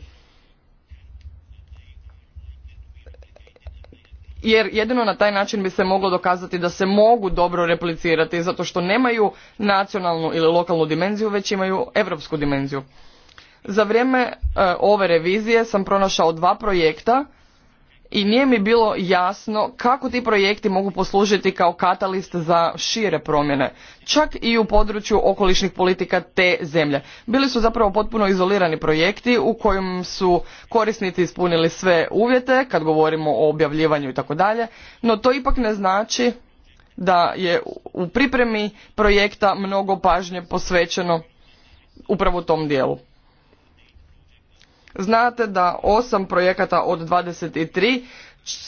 jer jedino na taj način bi se moglo dokazati da se mogu dobro replicirati zato što nemaju nacionalnu ili lokalnu dimenziju već imaju europsku dimenziju. Za vrijeme e, ove revizije sam pronašao dva projekta i nije mi bilo jasno kako ti projekti mogu poslužiti kao katalist za šire promjene, čak i u području okolišnih politika te zemlje. Bili su zapravo potpuno izolirani projekti u kojim su korisnici ispunili sve uvjete, kad govorimo o objavljivanju i tako dalje, no to ipak ne znači da je u pripremi projekta mnogo pažnje posvećeno upravo tom dijelu. Znate da osam projekata od 23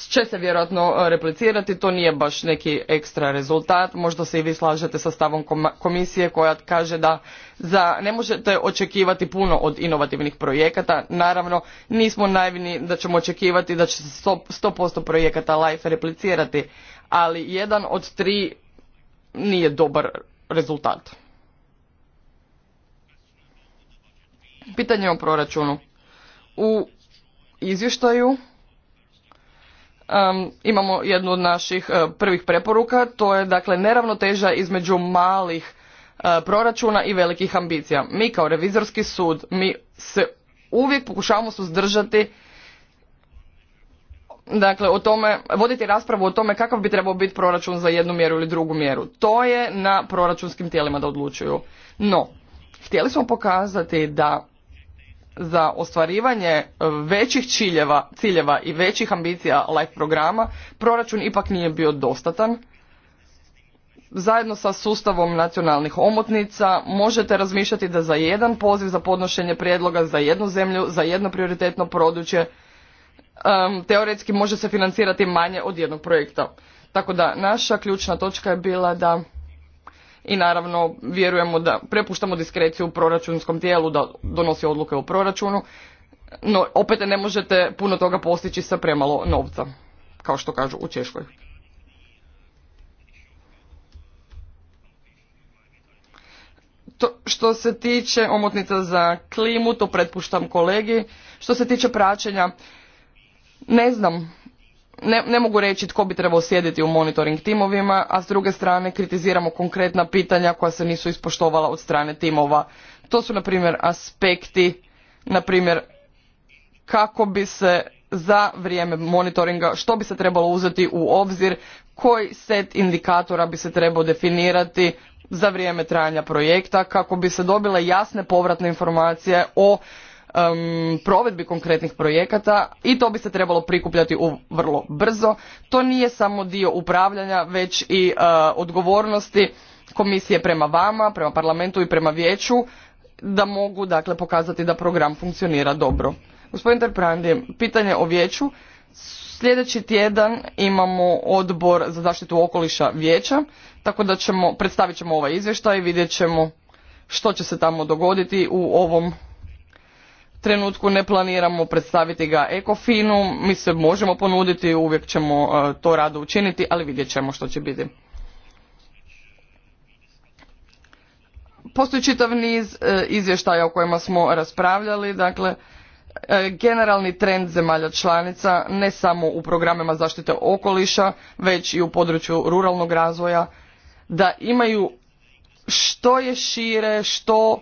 će se vjerojatno e, replicirati, to nije baš neki ekstra rezultat, možda se i vi slažete sa stavom komisije koja kaže da za, ne možete očekivati puno od inovativnih projekata, naravno nismo naivni da ćemo očekivati da će se 100% projekata LIFE replicirati, ali jedan od tri nije dobar rezultat. Pitanje o proračunu u izvještaju imamo jednu od naših e, prvih preporuka, to je dakle neravnoteža između malih e, proračuna i velikih ambicija. Mi kao revizorski sud, mi se uvijek pokušavamo suzdržati Dakle, o tome, voditi raspravu o tome kakav bi trebao biti proračun za jednu mjeru ili drugu mjeru. To je na proračunskim tijelima da odlučuju. No, htjeli smo pokazati da za ostvarivanje e, većih ciljeva, ciljeva i većih ambicija LIFE programa proračun ipak nije bio dostatan. Zajedno sa sustavom nacionalnih omotnica možete razmišljati da za jedan poziv za podnošenje prijedloga za jednu zemlju, za jedno prioritetno područje, e, teoretski može se financirati manje od jednog projekta. Tako da naša ključna točka je bila da i naravno vjerujemo da prepuštamo diskreciju u proračunskom tijelu da donosi odluke u proračunu, no opet ne možete puno toga postići sa premalo novca, kao što kažu u Češkoj. što se tiče omotnica za klimu, to pretpuštam kolegi. Što se tiče praćenja, ne znam, ne, ne mogu reći tko bi trebao sjediti u monitoring timovima, a s druge strane kritiziramo konkretna pitanja koja se nisu ispoštovala od strane timova. To su, na primjer, aspekti, na primjer, kako bi se za vrijeme monitoringa, što bi se trebalo uzeti u obzir, koji set indikatora bi se trebao definirati za vrijeme trajanja projekta, kako bi se dobile jasne povratne informacije o um, provedbi konkretnih projekata i to bi se trebalo prikupljati u vrlo brzo. To nije samo dio upravljanja već i e, odgovornosti komisije prema vama, prema parlamentu i prema vijeću da mogu dakle pokazati da program funkcionira dobro. Gospodin Terprandi, pitanje o vijeću. Sljedeći tjedan imamo odbor za zaštitu okoliša vijeća, tako da ćemo, predstavit ćemo ovaj izvještaj i vidjet ćemo što će se tamo dogoditi u ovom trenutku ne planiramo predstaviti ga Ekofinu. Mi se možemo ponuditi, uvijek ćemo e, to rado učiniti, ali vidjet ćemo što će biti. Postoji čitav niz e, izvještaja o kojima smo raspravljali, dakle e, generalni trend zemalja članica ne samo u programima zaštite okoliša, već i u području ruralnog razvoja, da imaju što je šire, što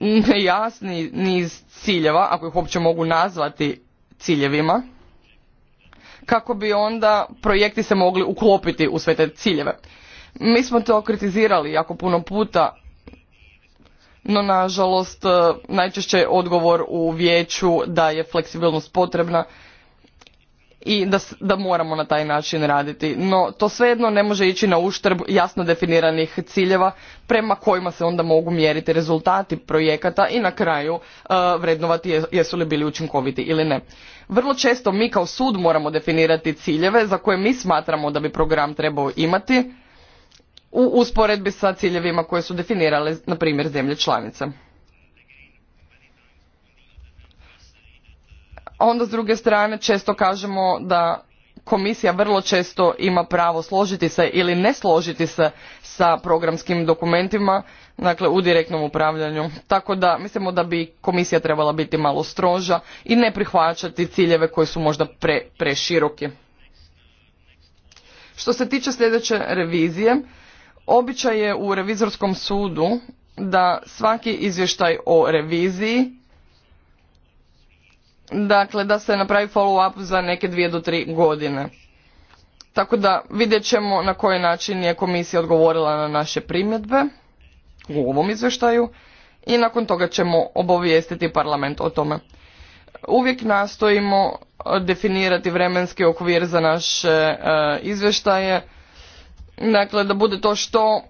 nejasni niz ciljeva, ako ih uopće mogu nazvati ciljevima, kako bi onda projekti se mogli uklopiti u sve te ciljeve. Mi smo to kritizirali jako puno puta, no nažalost e, najčešće je odgovor u vijeću da je fleksibilnost potrebna i da, da moramo na taj način raditi no to svejedno ne može ići na uštrb jasno definiranih ciljeva prema kojima se onda mogu mjeriti rezultati projekata i na kraju e, vrednovati jesu li bili učinkoviti ili ne vrlo često mi kao sud moramo definirati ciljeve za koje mi smatramo da bi program trebao imati u usporedbi sa ciljevima koje su definirale na primjer zemlje članice onda s druge strane često kažemo da komisija vrlo često ima pravo složiti se ili ne složiti se sa programskim dokumentima dakle u direktnom upravljanju tako da mislimo da bi komisija trebala biti malo stroža i ne prihvaćati ciljeve koji su možda pre, što se tiče sljedeće revizije običaj je u revizorskom sudu da svaki izvještaj o reviziji dakle da se napravi follow up za neke dvije do tri godine. Tako da vidjet ćemo na koji način je komisija odgovorila na naše primjedbe u ovom izvještaju i nakon toga ćemo obavijestiti parlament o tome. Uvijek nastojimo e, definirati vremenski okvir za naše e, izvještaje, dakle da bude to što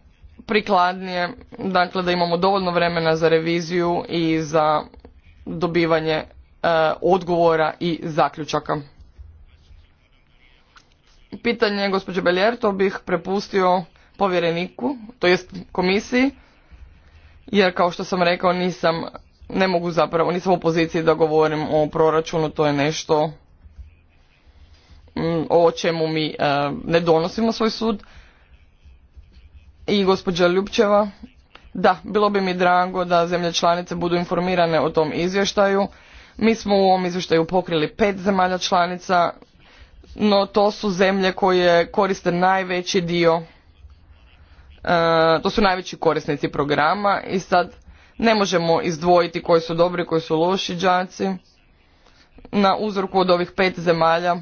prikladnije, dakle da imamo dovoljno vremena za reviziju i za dobivanje E, odgovora i zaključaka. Pitanje gospođe Beljerto bih prepustio povjereniku, to jest komisiji, jer kao što sam rekao nisam, ne mogu zapravo, nisam u poziciji da govorim o proračunu, to je nešto mm, o čemu mi e, ne donosimo svoj sud. I gospođa Ljubčeva, da, bilo bi mi drago da zemlje članice budu informirane o tom izvještaju mi smo u ovom izvještaju pokrili pet zemalja članica, no to su zemlje koje koriste najveći dio, e, to su najveći korisnici programa i sad ne možemo izdvojiti koji su dobri, koji su loši đaci. Na uzorku od ovih pet zemalja, mm,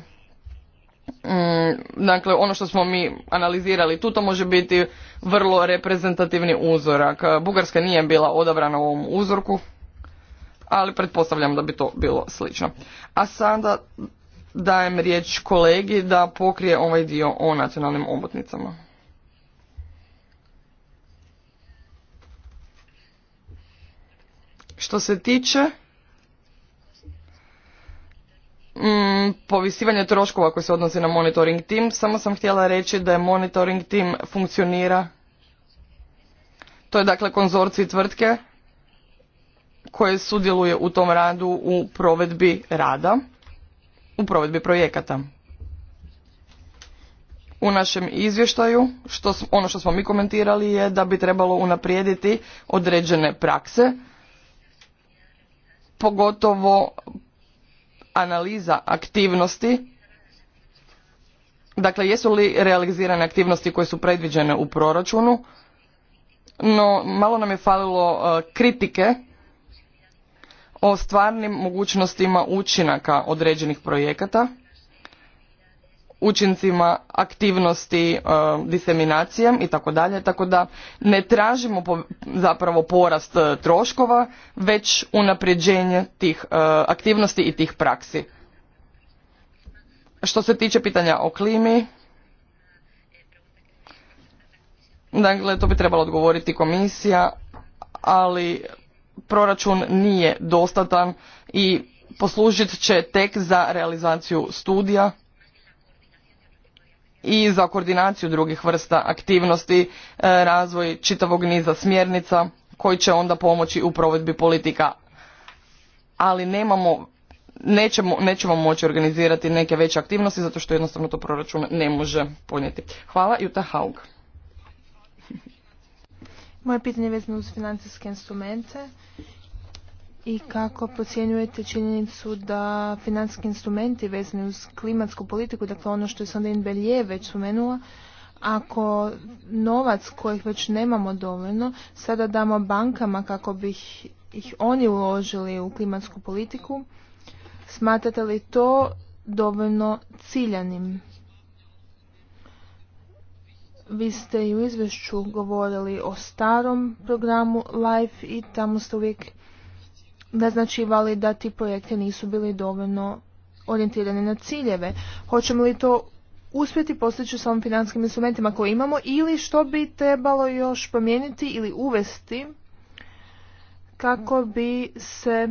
dakle ono što smo mi analizirali tu, to može biti vrlo reprezentativni uzorak. Bugarska nije bila odabrana u ovom uzorku, ali pretpostavljam da bi to bilo slično. A sada dajem riječ kolegi da pokrije ovaj dio o nacionalnim omotnicama. Što se tiče mm, povisivanja troškova koji se odnosi na monitoring tim, samo sam htjela reći da je monitoring tim funkcionira. To je dakle konzorci tvrtke koje sudjeluje u tom radu u provedbi rada, u provedbi projekata. U našem izvještaju, što, ono što smo mi komentirali je da bi trebalo unaprijediti određene prakse, pogotovo analiza aktivnosti, dakle jesu li realizirane aktivnosti koje su predviđene u proračunu, no malo nam je falilo e, kritike o stvarnim mogućnostima učinaka određenih projekata, učincima aktivnosti, e, diseminacijom i tako dalje, tako da ne tražimo zapravo porast e, troškova, već unapređenje tih e, aktivnosti i tih praksi. Što se tiče pitanja o klimi, dakle, to bi trebalo odgovoriti komisija, ali proračun nije dostatan i poslužit će tek za realizaciju studija i za koordinaciju drugih vrsta aktivnosti, e, razvoj čitavog niza smjernica koji će onda pomoći u provedbi politika. Ali nemamo, nećemo, nećemo moći organizirati neke veće aktivnosti zato što jednostavno to proračun ne može podnijeti. Hvala Juta Haug. Moje pitanje je vezano uz financijske instrumente i kako procjenjujete činjenicu da financijski instrumenti vezani uz klimatsku politiku, dakle ono što je Sandrine Belje već spomenula, ako novac kojih već nemamo dovoljno sada damo bankama kako bi ih oni uložili u klimatsku politiku, smatrate li to dovoljno ciljanim? Vi ste i u izvješću govorili o starom programu LIFE i tamo ste uvijek naznačivali da ti projekti nisu bili dovoljno orijentirani na ciljeve. Hoćemo li to uspjeti postići s ovim financijskim instrumentima koje imamo ili što bi trebalo još promijeniti ili uvesti kako bi se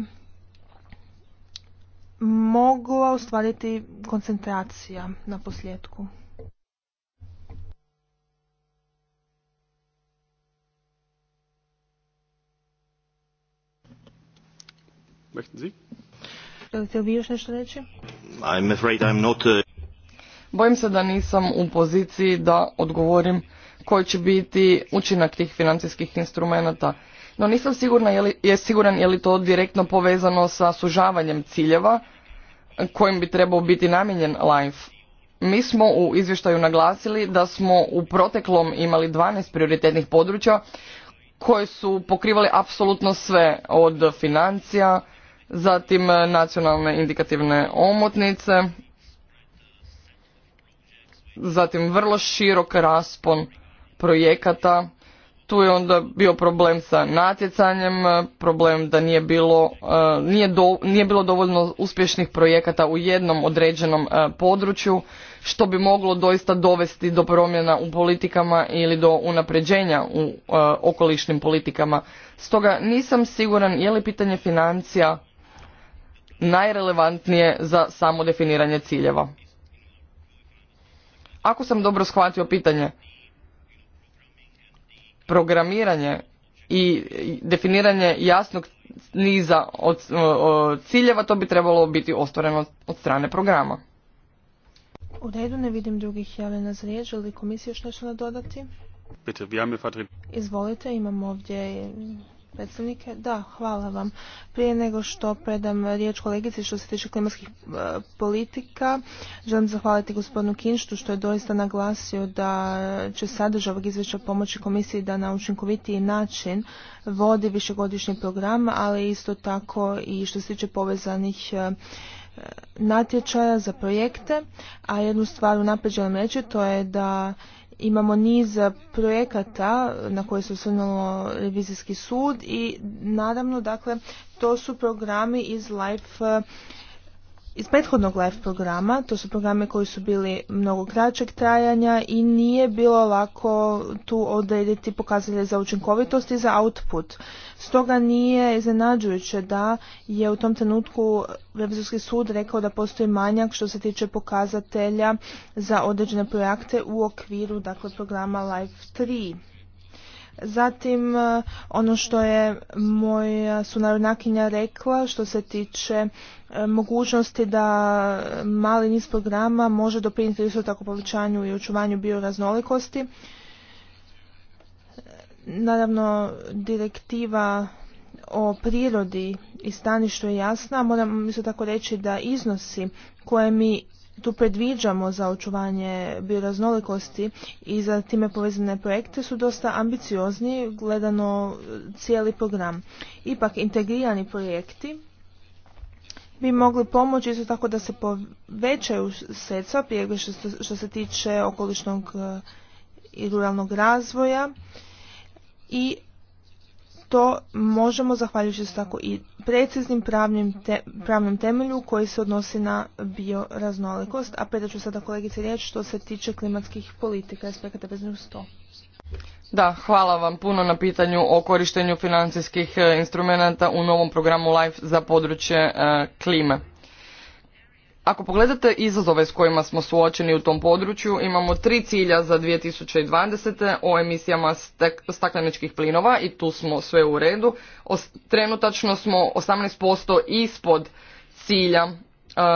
mogla ostvariti koncentracija na posljedku. Möchten Sie? Uh, Bojim se da nisam u poziciji da odgovorim koji će biti učinak tih financijskih instrumenata. No nisam sigurna je, li, je siguran je li to direktno povezano sa sužavanjem ciljeva kojim bi trebao biti namijenjen LIFE. Mi smo u izvještaju naglasili da smo u proteklom imali 12 prioritetnih područja koje su pokrivali apsolutno sve od financija, zatim e, nacionalne indikativne omotnice, zatim vrlo širok raspon projekata. Tu je onda bio problem sa natjecanjem, e, problem da nije bilo, e, nije, bilo dovoljno uspješnih projekata u jednom određenom području, što bi moglo doista dovesti do promjena u politikama ili do unapređenja u okolišnim politikama. Stoga nisam siguran je li pitanje financija najrelevantnije za samo definiranje ciljeva. Ako sam dobro shvatio pitanje, programiranje i definiranje jasnog niza od, ciljeva, to bi trebalo biti ostvareno od strane programa. U redu ne vidim drugih javljena za riječ, želi komisija još nešto nadodati? Izvolite, imamo ovdje predstavnike. Da, hvala vam. Prije nego što predam riječ kolegici što se tiče klimatskih e, politika, želim zahvaliti gospodinu Kinštu što je doista naglasio da će sadržaj ovog izvješća pomoći komisiji da na učinkovitiji način vodi višegodišnji program, ali isto tako i što se tiče povezanih e, natječaja za projekte, a jednu stvar unaprijed želim reći, to je da imamo niz projekata na koje se osvrnulo revizijski sud i naravno dakle to su programi iz life iz prethodnog live programa, to su programe koji su bili mnogo kraćeg trajanja i nije bilo lako tu odrediti pokazatelje za učinkovitost i za output. Stoga nije iznenađujuće da je u tom trenutku Revizorski sud rekao da postoji manjak što se tiče pokazatelja za određene projekte u okviru dakle, programa LIFE 3. Zatim, e, ono što je moja e, sunarodnakinja rekla što se tiče e, mogućnosti da mali niz programa može doprinijeti isto tako povećanju i očuvanju bioraznolikosti. Naravno, direktiva o prirodi i staništu je jasna. Moram isto tako reći da iznosi koje mi tu predviđamo za očuvanje bioraznolikosti i za time povezane projekte su dosta ambiciozni gledano cijeli program. Ipak integrirani projekti bi mogli pomoći isto tako da se povećaju sredstva prije što se tiče okolišnog eh, i ruralnog razvoja i to možemo zahvaljujući se tako i preciznim pravnim, pravnom temelju koji se odnosi na bioraznolikost. A predat ću sada kolegice riječ što se tiče klimatskih politika i aspekata veznih uz Da, hvala vam puno na pitanju o korištenju financijskih e, instrumenata u novom programu LIFE za područje e, klime. Ako pogledate izazove s kojima smo suočeni u tom području, imamo tri cilja za 2020. o emisijama stakleničkih plinova i tu smo sve u redu. Trenutačno smo 18% ispod cilja e,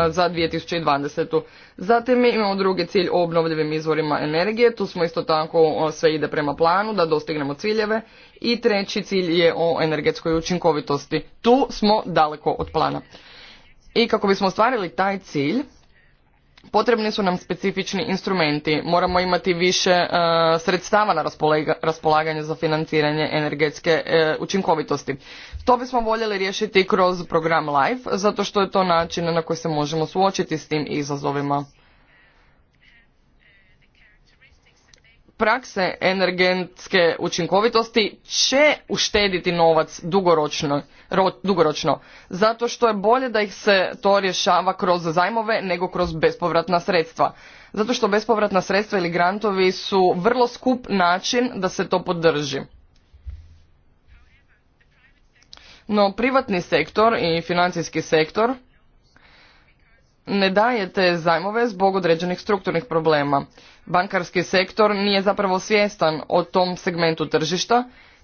za 2020. Zatim imamo drugi cilj o obnovljivim izvorima energije, tu smo isto tako sve ide prema planu da dostignemo ciljeve i treći cilj je o energetskoj učinkovitosti. Tu smo daleko od plana. I kako bismo ostvarili taj cilj, potrebni su nam specifični instrumenti. Moramo imati više e, sredstava na raspolaganje za financiranje energetske e, učinkovitosti. To bismo voljeli riješiti kroz program LIFE, zato što je to način na koji se možemo suočiti s tim izazovima. prakse energetske učinkovitosti će uštediti novac dugoročno, dugoročno zato što je bolje da ih se to rješava kroz zajmove nego kroz bespovratna sredstva zato što bespovratna sredstva ili grantovi su vrlo skup način da se to podrži no privatni sektor i financijski sektor ne dajete zajmove zbog određenih strukturnih problema. Bankarski sektor nije zapravo svjestan o tom segmentu tržišta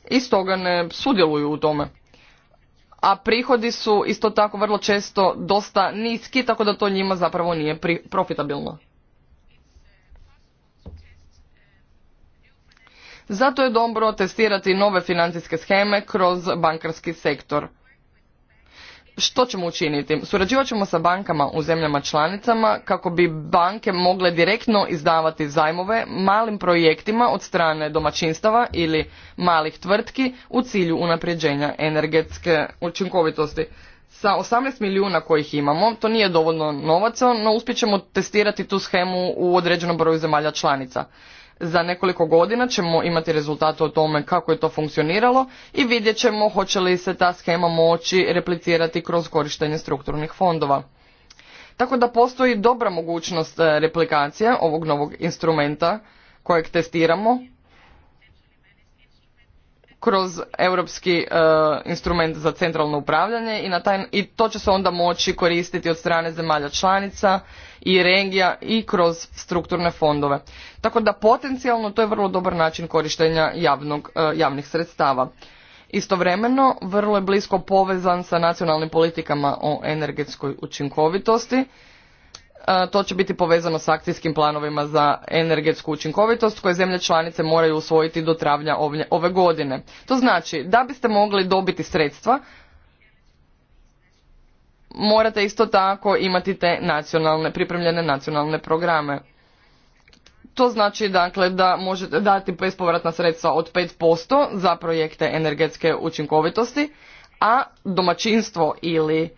i stoga ne sudjeluju u tome. A prihodi su isto tako vrlo često dosta niski, tako da to njima zapravo nije profitabilno. Zato je dobro testirati nove financijske scheme kroz bankarski sektor što ćemo učiniti? Surađivat ćemo sa bankama u zemljama članicama kako bi banke mogle direktno izdavati zajmove malim projektima od strane domaćinstava ili malih tvrtki u cilju unapređenja energetske učinkovitosti. Sa 18 milijuna kojih imamo, to nije dovoljno novaca, no uspjet ćemo testirati tu schemu u određenom broju zemalja članica. Za nekoliko godina ćemo imati rezultate o tome kako je to funkcioniralo i vidjet ćemo hoće li se ta schema moći replicirati kroz korištenje strukturnih fondova. Tako da postoji dobra mogućnost e, replikacije ovog novog instrumenta kojeg testiramo kroz europski e, instrument za centralno upravljanje i, na taj, i to će se onda moći koristiti od strane zemalja članica i regija i kroz strukturne fondove. Tako da potencijalno to je vrlo dobar način korištenja javnog, e, javnih sredstava. Istovremeno, vrlo je blisko povezan sa nacionalnim politikama o energetskoj učinkovitosti. E, to će biti povezano s akcijskim planovima za energetsku učinkovitost koje zemlje članice moraju usvojiti do travnja ove godine. To znači da biste mogli dobiti sredstva, morate isto tako imati te nacionalne, pripremljene nacionalne programe. To znači dakle da možete dati bespovratna sredstva od 5% za projekte energetske učinkovitosti, a domaćinstvo ili e,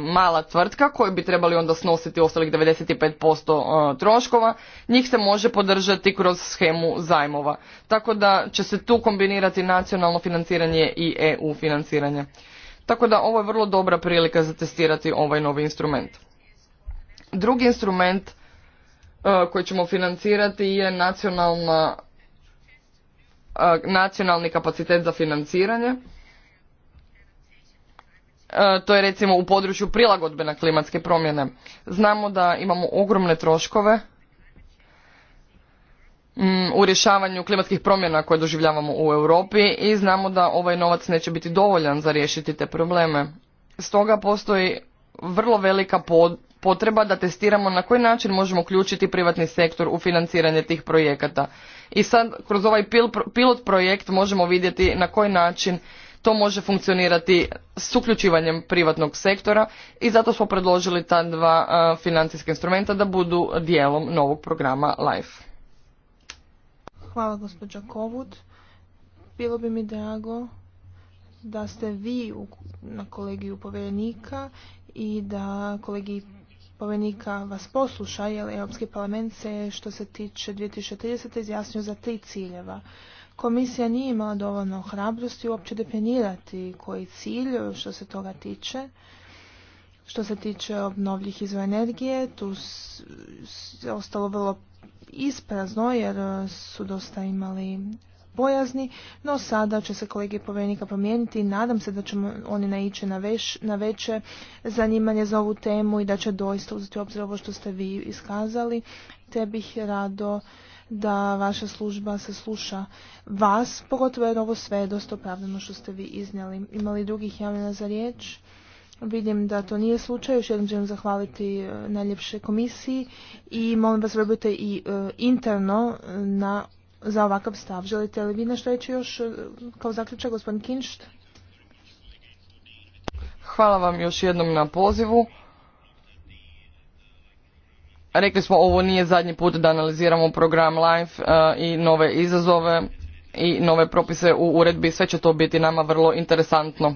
mala tvrtka koju bi trebali onda snositi ostalih 95% e, troškova, njih se može podržati kroz schemu zajmova. Tako da će se tu kombinirati nacionalno financiranje i EU financiranje. Tako da ovo je vrlo dobra prilika za testirati ovaj novi instrument. Drugi instrument e, koji ćemo financirati je nacionalna, e, nacionalni kapacitet za financiranje. E, to je recimo u području prilagodbe na klimatske promjene. Znamo da imamo ogromne troškove Mm, u rješavanju klimatskih promjena koje doživljavamo u Europi i znamo da ovaj novac neće biti dovoljan za riješiti te probleme. Stoga postoji vrlo velika potreba da testiramo na koji način možemo uključiti privatni sektor u financiranje tih projekata. I sad kroz ovaj pilot projekt možemo vidjeti na koji način to može funkcionirati s uključivanjem privatnog sektora i zato smo predložili ta dva financijska instrumenta da budu dijelom novog programa LIFE. Hvala gospođa Kovud. Bilo bi mi drago da ste vi na kolegiju povjerenika i da kolegi povjerenika vas posluša, jer Europski parlament se što se tiče 2030. izjasnio za tri ciljeva. Komisija nije imala dovoljno hrabrosti uopće definirati koji cilj što se toga tiče što se tiče obnovljih izvora energije, tu je ostalo vrlo isprazno jer e, su dosta imali bojazni, no sada će se kolege povjerenika promijeniti i nadam se da će oni naići na, veće zanimanje za ovu temu i da će doista uzeti obzir ovo što ste vi iskazali, te bih rado da vaša služba se sluša vas, pogotovo jer ovo sve je dosta opravdano što ste vi iznijeli. Imali drugih javljena za riječ? Vidim da to nije slučaj, još jednom želim zahvaliti e, najljepše komisiji i molim vas robite i e, interno e, na, za ovakav stav. Želite li vi nešto reći još kao zaključak, gospodin Kinšt? Hvala vam još jednom na pozivu. Rekli smo ovo nije zadnji put da analiziramo program LIFE i nove izazove i nove propise u uredbi. Sve će to biti nama vrlo interesantno.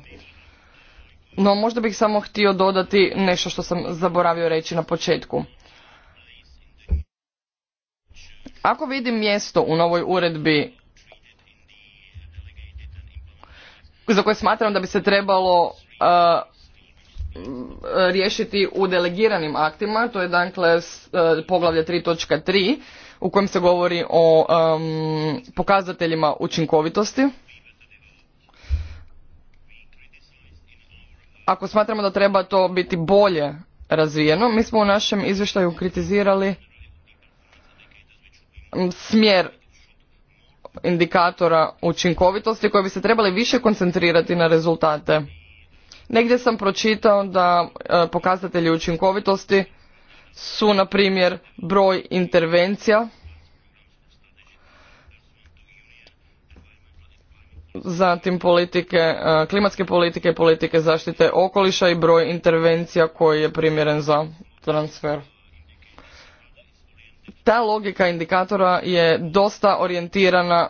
No možda bih samo htio dodati nešto što sam zaboravio reći na početku. Ako vidim mjesto u novoj uredbi za koje smatram da bi se trebalo e, riješiti u delegiranim aktima, to je dakle e, poglavlje 3.3 u kojem se govori o pokazateljima učinkovitosti. ako smatramo da treba to biti bolje razvijeno, mi smo u našem izvještaju kritizirali smjer indikatora učinkovitosti koji bi se trebali više koncentrirati na rezultate. Negdje sam pročitao da e, pokazatelji učinkovitosti su, na primjer, broj intervencija zatim politike, e, klimatske politike, politike zaštite okoliša i broj intervencija koji je primjeren za transfer. Ta logika indikatora je dosta orijentirana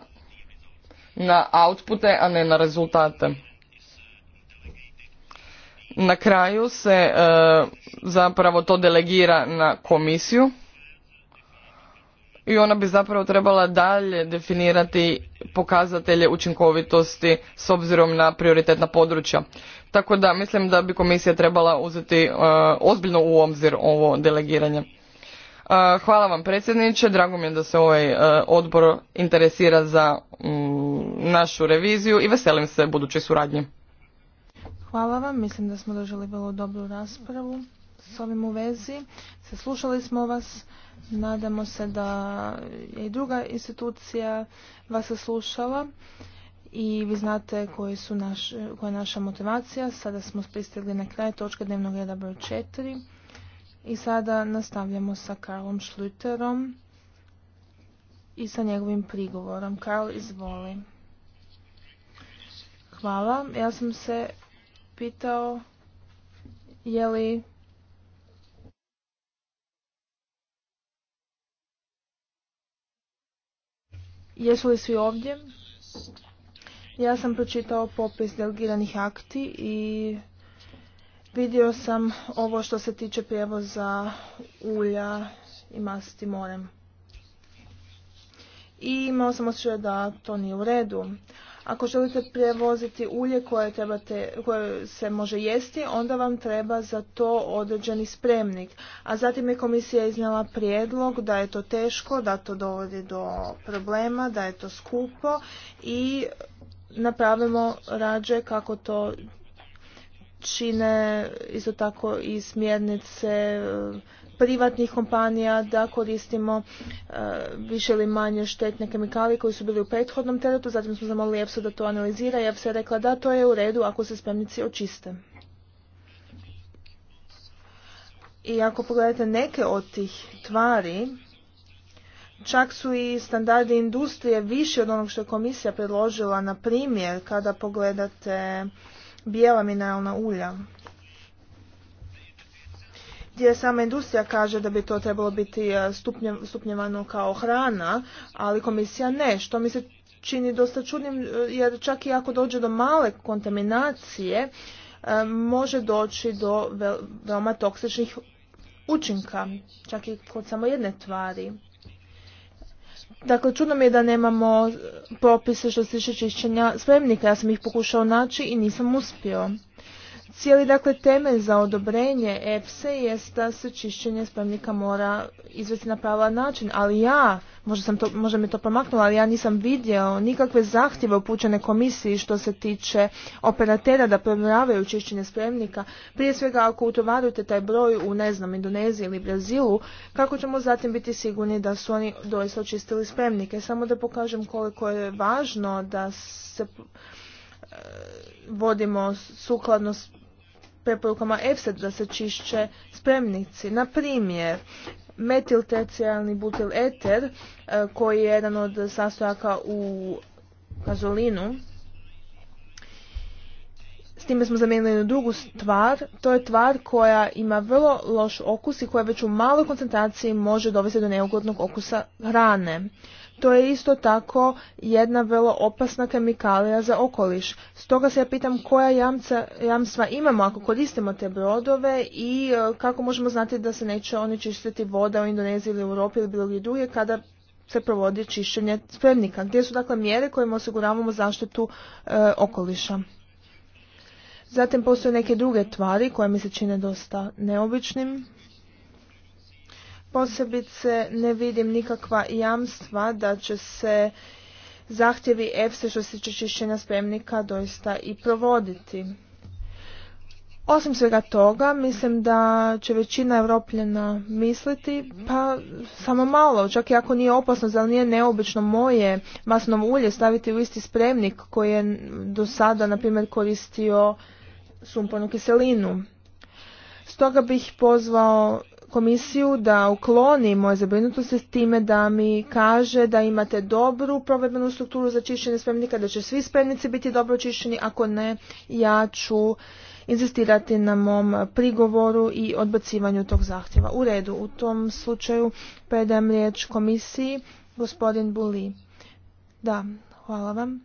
na outpute, a ne na rezultate. Na kraju se e, zapravo to delegira na komisiju i ona bi zapravo trebala dalje definirati pokazatelje učinkovitosti s obzirom na prioritetna područja. Tako da mislim da bi komisija trebala uzeti e, ozbiljno u obzir ovo delegiranje. E, hvala vam predsjedniče, drago mi je da se ovaj e, odbor interesira za našu reviziju i veselim se budućoj suradnji. Hvala vam, mislim da smo doželi vrlo dobru raspravu s ovim u vezi. Saslušali smo vas, nadamo se da je i druga institucija vas saslušala i vi znate koji su naš, koja je naša motivacija. Sada smo pristigli na kraj točke dnevnog reda broj 4 i sada nastavljamo sa Karlom Šluterom i sa njegovim prigovorom. Karl, izvoli. Hvala. Ja sam se pitao je li Jesu li svi ovdje? Ja sam pročitao popis delegiranih akti i vidio sam ovo što se tiče prijevoza ulja i masti morem. I imao sam osjećaj da to nije u redu. Ako želite prevoziti ulje koje, trebate, koje se može jesti, onda vam treba za to određeni spremnik. A zatim je komisija iznala prijedlog da je to teško, da to dovodi do problema, da je to skupo i napravimo rađe kako to čine isto tako i smjernice e, privatnih kompanija da koristimo e, više ili manje štetne kemikalije koji su bili u prethodnom teretu. Zatim smo zamolili EFSA da to analizira i EFSA je rekla da to je u redu ako se spremnici očiste. I ako pogledate neke od tih tvari, čak su i standardi industrije više od onog što je komisija predložila. Na primjer, kada pogledate bijela mineralna ulja gdje sama industrija kaže da bi to trebalo biti e, stupnjevano kao hrana, ali komisija ne, što mi se čini dosta čudnim, e, jer čak i ako dođe do male kontaminacije, e, može doći do veoma toksičnih učinka, čak i kod samo jedne tvari. Dakle, čudno mi je da nemamo propise što se tiče čišćenja spremnika. Ja sam ih pokušao naći i nisam uspio. Cijeli dakle temelj za odobrenje EPSE je da se čišćenje spremnika mora izvesti na pravilan način, ali ja, možda, sam to, možda mi to pomaknulo, ali ja nisam vidio nikakve zahtjeve upućene komisiji što se tiče operatera da provjeravaju čišćenje spremnika. Prije svega ako utovarujete taj broj u, ne znam, Indoneziji ili Brazilu, kako ćemo zatim biti sigurni da su oni doista očistili spremnike? Samo da pokažem koliko je važno da se eh, vodimo sukladno preporukama EFSA da se čišće spremnici. Na primjer, metiltercijalni butil eter e, koji je jedan od sastojaka u gazolinu. S time smo zamijenili drugu tvar. To je tvar koja ima vrlo loš okus i koja već u maloj koncentraciji može dovesti do neugodnog okusa hrane. To je isto tako jedna vrlo opasna kemikalija za okoliš. Stoga se ja pitam koja jamstva imamo ako koristimo te brodove i e, kako možemo znati da se neće onečistiti voda u Indoneziji ili u Europi ili bilo gdje duje kada se provodi čišćenje spremnika. Gdje su dakle mjere kojima osiguravamo zaštitu e, okoliša? Zatim postoje neke druge tvari koje mi se čine dosta neobičnim. Posebice ne vidim nikakva jamstva da će se zahtjevi EFSA što se tiče čišćenja spremnika doista i provoditi. Osim svega toga, mislim da će većina Evropljena misliti, pa samo malo, čak i ako nije opasno, zar nije neobično moje masno ulje staviti u isti spremnik koji je do sada, na primjer, koristio sumpornu kiselinu. Stoga bih pozvao komisiju da ukloni moje zabrinutosti s time da mi kaže da imate dobru provedbenu strukturu za čišćenje spremnika, da će svi spremnici biti dobro čišćeni, ako ne ja ću inzistirati na mom prigovoru i odbacivanju tog zahtjeva. U redu, u tom slučaju predajem riječ komisiji, gospodin Buli. Da, hvala vam.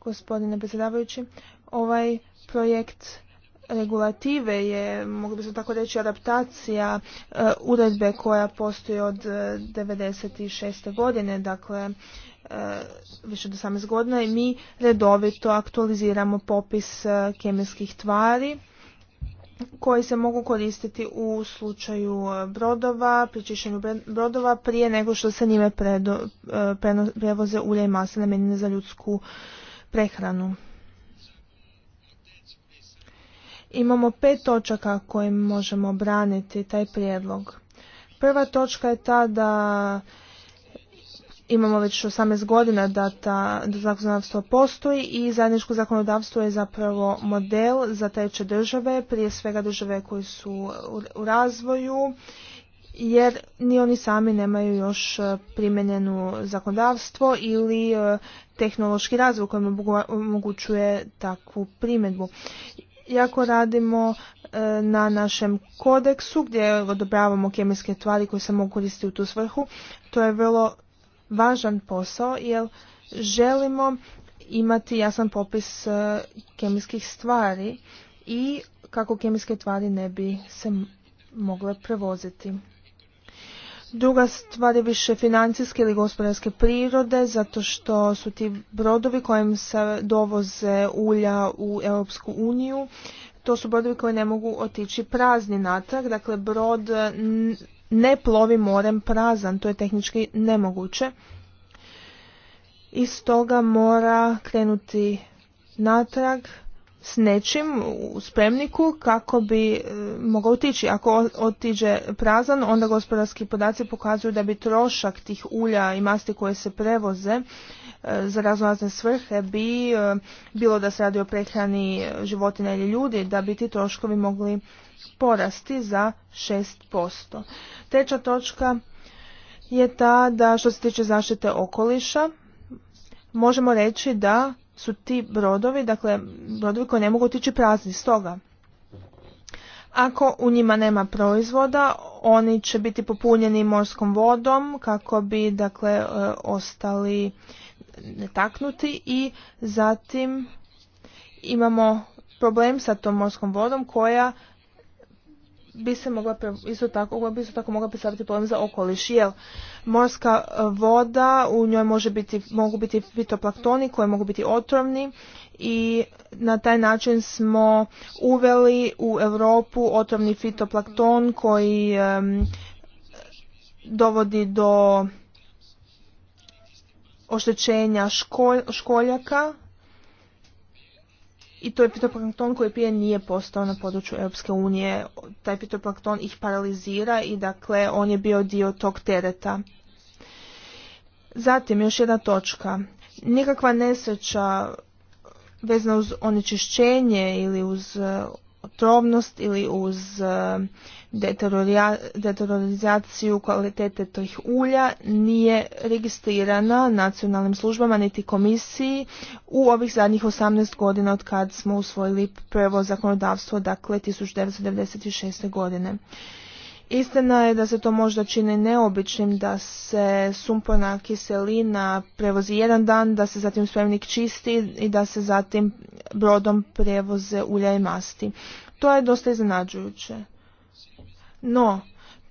Gospodine predsjedavajući, ovaj projekt regulative je, bi se tako reći, adaptacija eh, uredbe koja postoji od 1996. Eh, godine, dakle eh, više od 18 godina i mi redovito aktualiziramo popis kemijskih tvari koji se mogu koristiti u slučaju brodova, pričišenju brodova prije nego što se njime prevoze ulje i mase namenjene za ljudsku prehranu. Imamo pet točaka kojim možemo braniti taj prijedlog. Prva točka je ta da imamo već 18 godina da ta zakonodavstvo postoji i zajedničko zakonodavstvo je zapravo model za treće države, prije svega države koje su u razvoju, jer ni oni sami nemaju još e, primjenjenu zakonodavstvo ili e, tehnološki razvoj koji omogućuje takvu primjedbu. Iako radimo e, na našem kodeksu gdje odobravamo kemijske tvari koje se mogu koristiti u tu svrhu. To je vrlo važan posao jer želimo imati jasan popis e, kemijskih stvari i kako kemijske tvari ne bi se mogle prevoziti. Druga stvar je više financijske ili gospodarske prirode, zato što su ti brodovi kojim se dovoze ulja u Europsku uniju, to su brodovi koji ne mogu otići prazni natrag, dakle brod ne plovi morem prazan, to je tehnički nemoguće. I stoga mora krenuti natrag s nečim u spremniku kako bi e, mogao otići. Ako otiđe prazan, onda gospodarski podaci pokazuju da bi trošak tih ulja i masti koje se prevoze e, za razne svrhe bi, e, bilo da se radi o prehrani životinja ili ljudi, da bi ti troškovi mogli porasti za 6%. Treća točka je ta da što se tiče zaštite okoliša, možemo reći da su ti brodovi, dakle brodovi koji ne mogu otići prazni stoga. Ako u njima nema proizvoda, oni će biti popunjeni morskom vodom kako bi dakle e, ostali netaknuti i zatim imamo problem sa tom morskom vodom koja bi se mogla isto tako, bi isto tako mogla predstaviti problem za okoliš, jer morska e, voda, u njoj može biti, mogu biti fitoplaktoni koji mogu biti otrovni i na taj način smo uveli u Europu otrovni fitoplakton koji dovodi do oštećenja školjaka i to je pitoplankton koji prije nije postao na području Europske unije. Taj fitoplankton ih paralizira i dakle on je bio dio tog tereta. Zatim još jedna točka. Nikakva nesreća vezana uz onečišćenje ili uz otrovnost e, ili uz e, deterorizaciju kvalitete tih ulja nije registrirana nacionalnim službama niti komisiji u ovih zadnjih 18 godina od kad smo usvojili prvo zakonodavstvo, dakle 1996. godine. Istina je da se to možda čini neobičnim da se sumporna kiselina prevozi jedan dan, da se zatim spremnik čisti i da se zatim brodom prevoze ulja i masti. To je dosta iznenađujuće. No,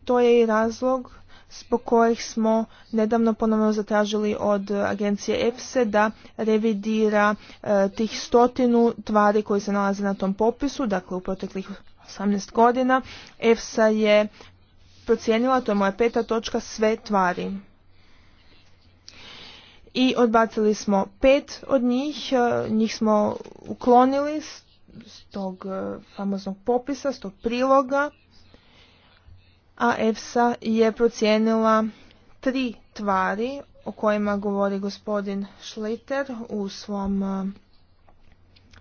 to je i razlog zbog kojih smo nedavno ponovno zatražili od agencije EFSE da revidira e, tih stotinu tvari koji se nalaze na tom popisu, dakle u proteklih 18 godina. EFSA je procijenila, to je moja peta točka, sve tvari. I odbacili smo pet od njih, e, njih smo uklonili s tog e, famoznog popisa, s tog priloga a EFSA je procijenila tri tvari o kojima govori gospodin Schlitter u svom e,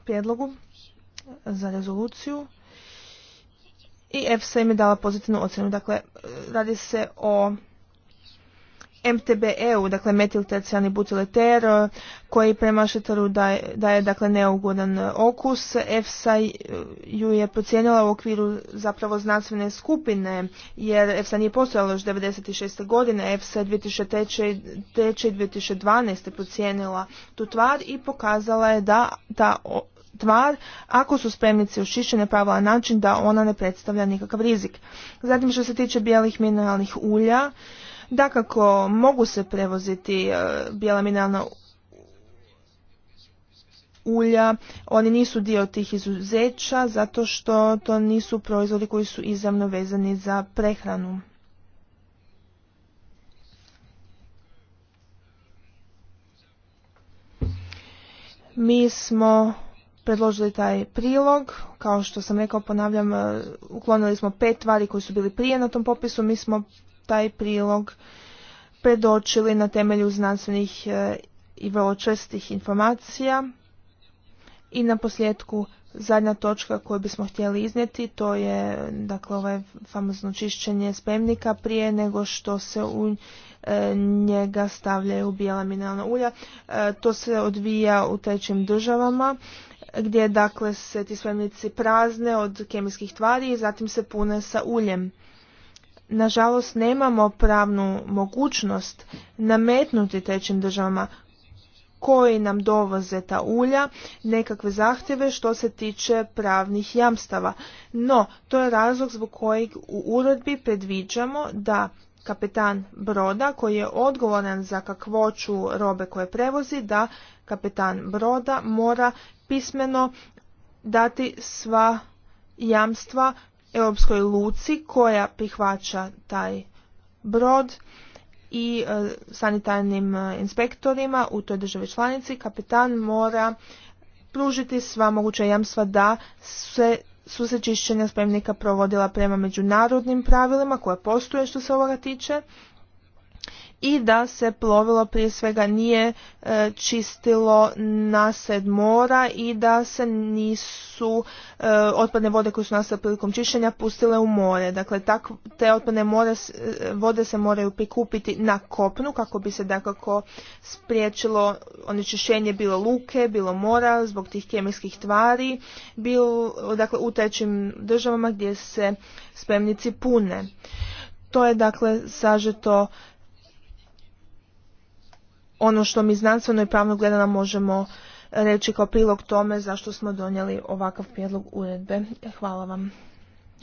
prijedlogu za rezoluciju i EFSA im je dala pozitivnu ocjenu. Dakle, e, radi se o MTBE-u, dakle metiltercijalni butileter, eh, koji prema šetaru daje, dakle neugodan eh, okus. EFSA ju je procijenila u okviru zapravo znanstvene skupine, jer EFSA nije postojala još 1996. godine, EFSA je 2003. i 2012. procijenila tu tvar i pokazala je da ta tvar ako su spremnice očišćene pravilan način da ona ne predstavlja nikakav rizik. Zatim što se tiče bijelih mineralnih ulja, Dakako, mogu se prevoziti e, bijela mineralna ulja, oni nisu dio tih izuzeća zato što to nisu proizvodi koji su izravno vezani za prehranu. Mi smo predložili taj prilog, kao što sam rekao ponavljam, e, uklonili smo pet tvari koji su bili prije na tom popisu, mi smo taj prilog predočili na temelju znanstvenih e, i vrlo čestih informacija. I na posljedku zadnja točka koju bismo htjeli iznijeti, to je dakle ovaj famozno čišćenje spremnika prije nego što se u e, njega stavljaju bijela mineralna ulja. E, to se odvija u trećim državama gdje dakle se ti spremnici prazne od kemijskih tvari i zatim se pune sa uljem nažalost nemamo pravnu mogućnost nametnuti trećim državama koji nam dovoze ta ulja nekakve zahtjeve što se tiče pravnih jamstava. No, to je razlog zbog kojeg u uredbi predviđamo da kapetan broda koji je odgovoran za kakvoću robe koje prevozi, da kapetan broda mora pismeno dati sva jamstva europskoj luci koja prihvaća taj brod i e, sanitarnim e, inspektorima u toj državi članici kapitan mora pružiti sva moguća jamstva da se su se čišćenja spremnika provodila prema međunarodnim pravilima koja postoje što se ovoga tiče i da se plovilo prije svega nije e, čistilo nasred mora i da se nisu e, otpadne vode koje su nastale prilikom čišćenja pustile u more. Dakle, tak, te otpadne e, vode se moraju prikupiti na kopnu kako bi se dakako spriječilo onečišćenje bilo luke, bilo mora zbog tih kemijskih tvari, bilo, dakle u trećim državama gdje se spremnici pune. To je dakle sažeto ono što mi znanstveno i pravno gledano možemo reći kao prilog tome zašto smo donijeli ovakav prijedlog uredbe. E, hvala vam,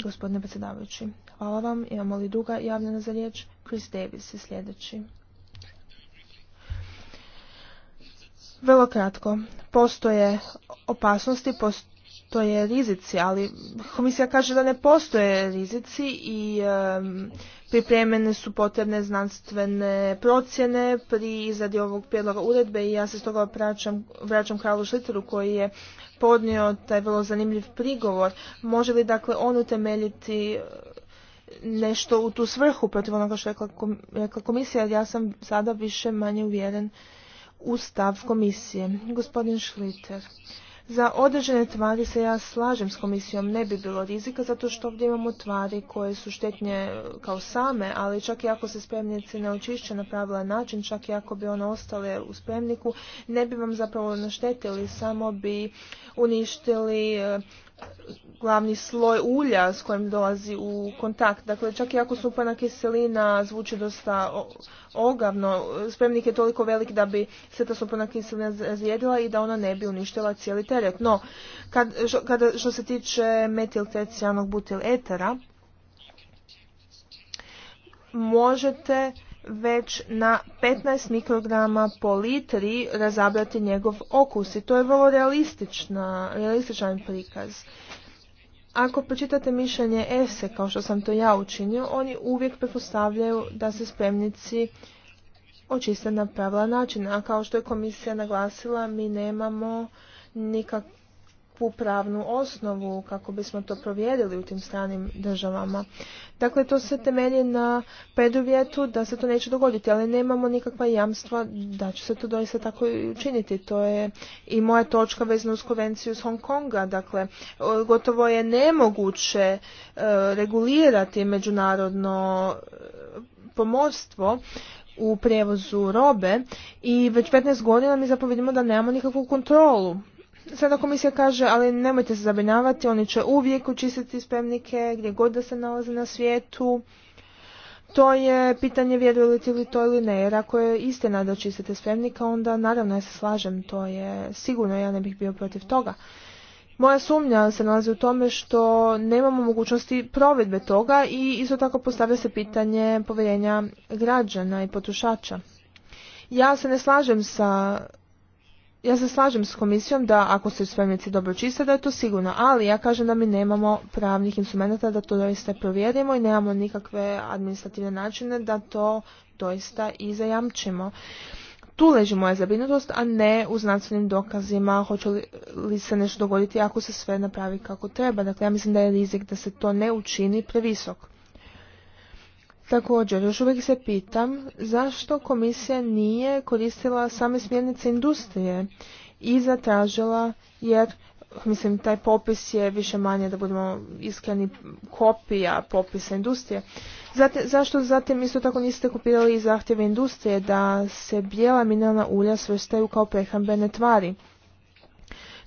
gospodine predsjedavajući. Hvala vam. Imamo li druga javljena za riječ? Chris Davis je sljedeći. Vrlo kratko. Postoje opasnosti, postoje to je rizici, ali komisija kaže da ne postoje rizici i pripremljene su potrebne znanstvene procjene pri izradi ovog prijedloga uredbe i ja se stoga vraćam, vraćam Karlu Šliteru koji je podnio taj vrlo zanimljiv prigovor. Može li dakle on utemeljiti eh, nešto u tu svrhu protiv onoga što je rekla komisija jer ja sam sada više manje uvjeren u stav komisije. Gospodin Šliter. Za određene tvari se ja slažem s komisijom, ne bi bilo rizika zato što ovdje imamo tvari koje su štetnje e, kao same, ali čak i ako se spremnici ne očišće na pravilan način, čak i ako bi one ostale u spremniku, ne bi vam zapravo naštetili, samo bi uništili e, glavni sloj ulja s kojim dolazi u kontakt. Dakle, čak i ako supana kiselina zvuči dosta ogavno, spremnik je toliko velik da bi se ta supana kiselina zjedila i da ona ne bi uništila cijeli teret. No, kad, kada, što se tiče metiltecijanog butil etera, možete već na 15 mikrograma po litri razabrati njegov okus i to je vrlo realistična, realističan prikaz. Ako pročitate mišljenje ESE, kao što sam to ja učinio, oni uvijek prepostavljaju da se spremnici očiste na pravila način, a kao što je komisija naglasila, mi nemamo nikak, upravnu pravnu osnovu kako bismo to provjerili u tim stranim državama. Dakle, to se temelji na preduvjetu da se to neće dogoditi, ali nemamo nikakva jamstva da će se to doista tako i učiniti. To je i moja točka vezna uz konvenciju s Hong Konga. Dakle, gotovo je nemoguće e, regulirati međunarodno e, pomorstvo u prijevozu robe i već 15 godina mi zapovedimo da nemamo nikakvu kontrolu Sada komisija kaže, ali nemojte se zabinjavati, oni će uvijek učistiti spremnike gdje god da se nalaze na svijetu. To je pitanje vjerujete li to ili ne, jer ako je istina da čistite spremnika, onda naravno ja se slažem, to je sigurno, ja ne bih bio protiv toga. Moja sumnja se nalazi u tome što nemamo mogućnosti provedbe toga i isto tako postavlja se pitanje povjerenja građana i potrošača. Ja se ne slažem sa ja se slažem s komisijom da ako se spremnici dobro čiste da je to sigurno, ali ja kažem da mi nemamo pravnih instrumenta da to doista provjerimo i nemamo nikakve administrativne načine da to doista i zajamčimo. Tu leži moja zabrinutost, a ne u znanstvenim dokazima hoće li se nešto dogoditi ako se sve napravi kako treba. Dakle, ja mislim da je rizik da se to ne učini previsok. Također, još uvijek se pitam zašto komisija nije koristila same smjernice industrije i zatražila, jer mislim taj popis je više manje da budemo iskreni kopija popisa industrije. Zate, zašto zatim isto tako niste kopirali i zahtjeve industrije da se bijela mineralna ulja svrstaju kao prehrambene tvari?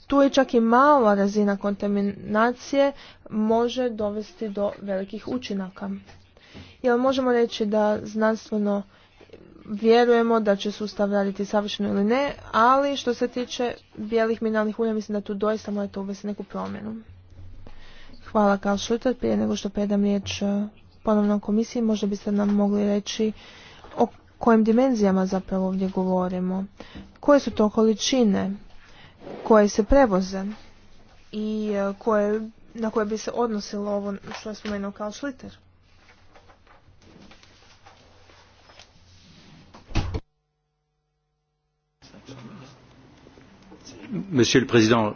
Tu je čak i mala razina kontaminacije može dovesti do velikih učinaka. Jel možemo reći da znanstveno vjerujemo da će sustav raditi savršeno ili ne, ali što se tiče bijelih mineralnih ulja, mislim da tu doista morate uvesti neku promjenu. Hvala Karl Šluter. Prije nego što predam riječ e, ponovno komisiji, možda biste nam mogli reći o kojim dimenzijama zapravo ovdje govorimo. Koje su to količine koje se prevoze i e, koje, na koje bi se odnosilo ovo što je spomenuo Karl Schlitter? Monsieur le Président,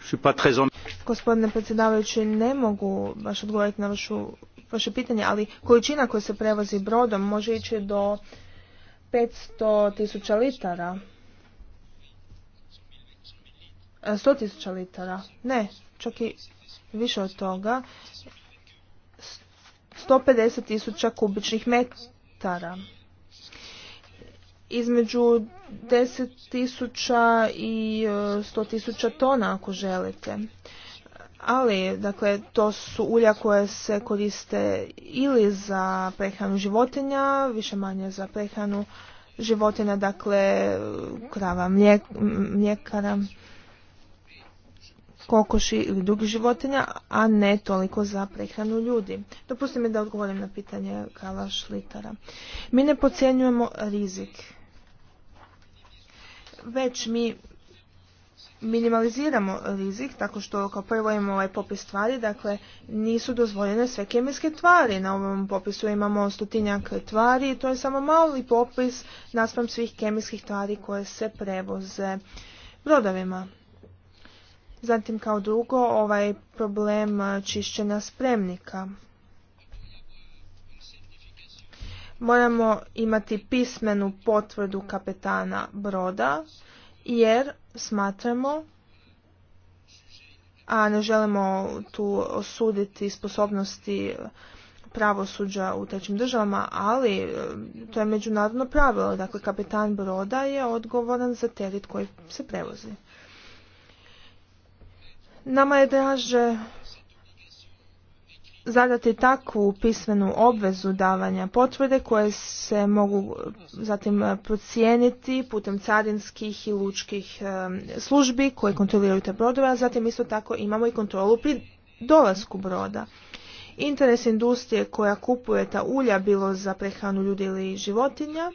je suis pas très en... Gospodine predsjedavajući, ne mogu baš odgovoriti na vašu, vaše pitanje, ali količina koja se prevozi brodom može ići do 500 tisuća litara. 100 e, tisuća litara. Ne, čak i više od toga. 150 tisuća kubičnih metara između 10.000 i 100.000 e, tona ako želite. Ali, dakle, to su ulja koje se koriste ili za prehranu životinja, više manje za prehranu životinja, dakle, krava, mljekara, kokoši ili drugih životinja, a ne toliko za prehranu ljudi. Dopustite mi da odgovorim na pitanje Kala Šlitara. Mi ne podcjenjujemo rizik već mi minimaliziramo rizik tako što kao prvo imamo ovaj popis tvari, dakle nisu dozvoljene sve kemijske tvari. Na ovom popisu imamo stotinjak tvari i to je samo mali popis naspram svih kemijskih tvari koje se prevoze brodovima. Zatim kao drugo ovaj problem čišćenja spremnika. moramo imati pismenu potvrdu kapetana broda jer smatramo a ne želimo tu osuditi sposobnosti pravosuđa u trećim državama, ali e, to je međunarodno pravilo. Dakle, kapetan broda je odgovoran za teret koji se prevozi. Nama je draže zadati takvu pismenu obvezu davanja potvrde koje se mogu e, zatim e, procijeniti putem carinskih i lučkih e, službi koje kontroliraju te brodove, a zatim isto tako imamo i kontrolu pri dolasku broda. Interes industrije koja kupuje ta ulja bilo za prehranu ljudi ili životinja,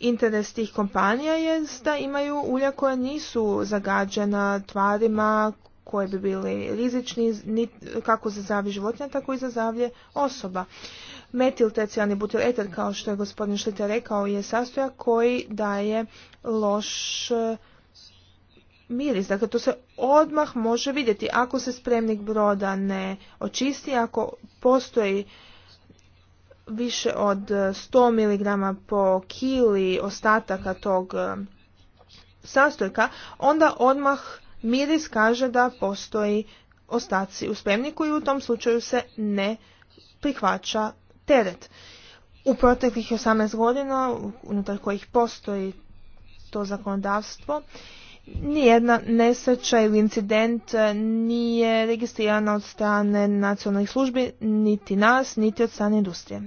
interes tih kompanija je da imaju ulja koja nisu zagađena tvarima koje bi bili rizični kako za zdravlje životinja, tako i za zavlje osoba. Metil tecijan butil eter, kao što je gospodin Šlite rekao, je sastojak koji daje loš e, miris. Dakle, to se odmah može vidjeti ako se spremnik broda ne očisti, ako postoji više od 100 mg po kili ostataka tog e, sastojka, onda odmah miris kaže da postoji ostaci u spremniku i u tom slučaju se ne prihvaća teret. U proteklih 18 godina, unutar kojih postoji to zakonodavstvo, nijedna nesreća ili incident nije registrirana od strane nacionalnih službi, niti nas, niti od strane industrije.